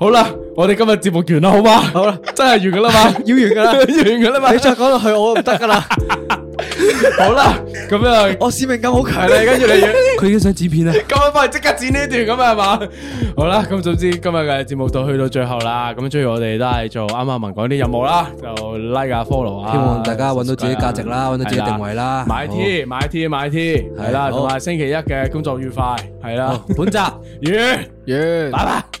好啦，我哋今日節目完啦，好嗎？好啦，真係完噶啦嘛，要完噶啦，完噶啦嘛。你再講落去，我唔得噶啦。好啦，咁樣，我使命感好強咧，跟住嚟完。佢已經想剪片啦，今晚翻嚟即刻剪呢一段，咁係嘛。好啦，咁總之今日嘅節目到去到最後啦，咁樣，最後我哋都係做啱啱文講啲任務啦，就 like 啊 follow 啊，希望大家揾到自己價值啦，揾到自己定位啦，買 T 買 T 買 T，係啦，同埋星期一嘅工作愉快，係啦，本集完完，拜拜。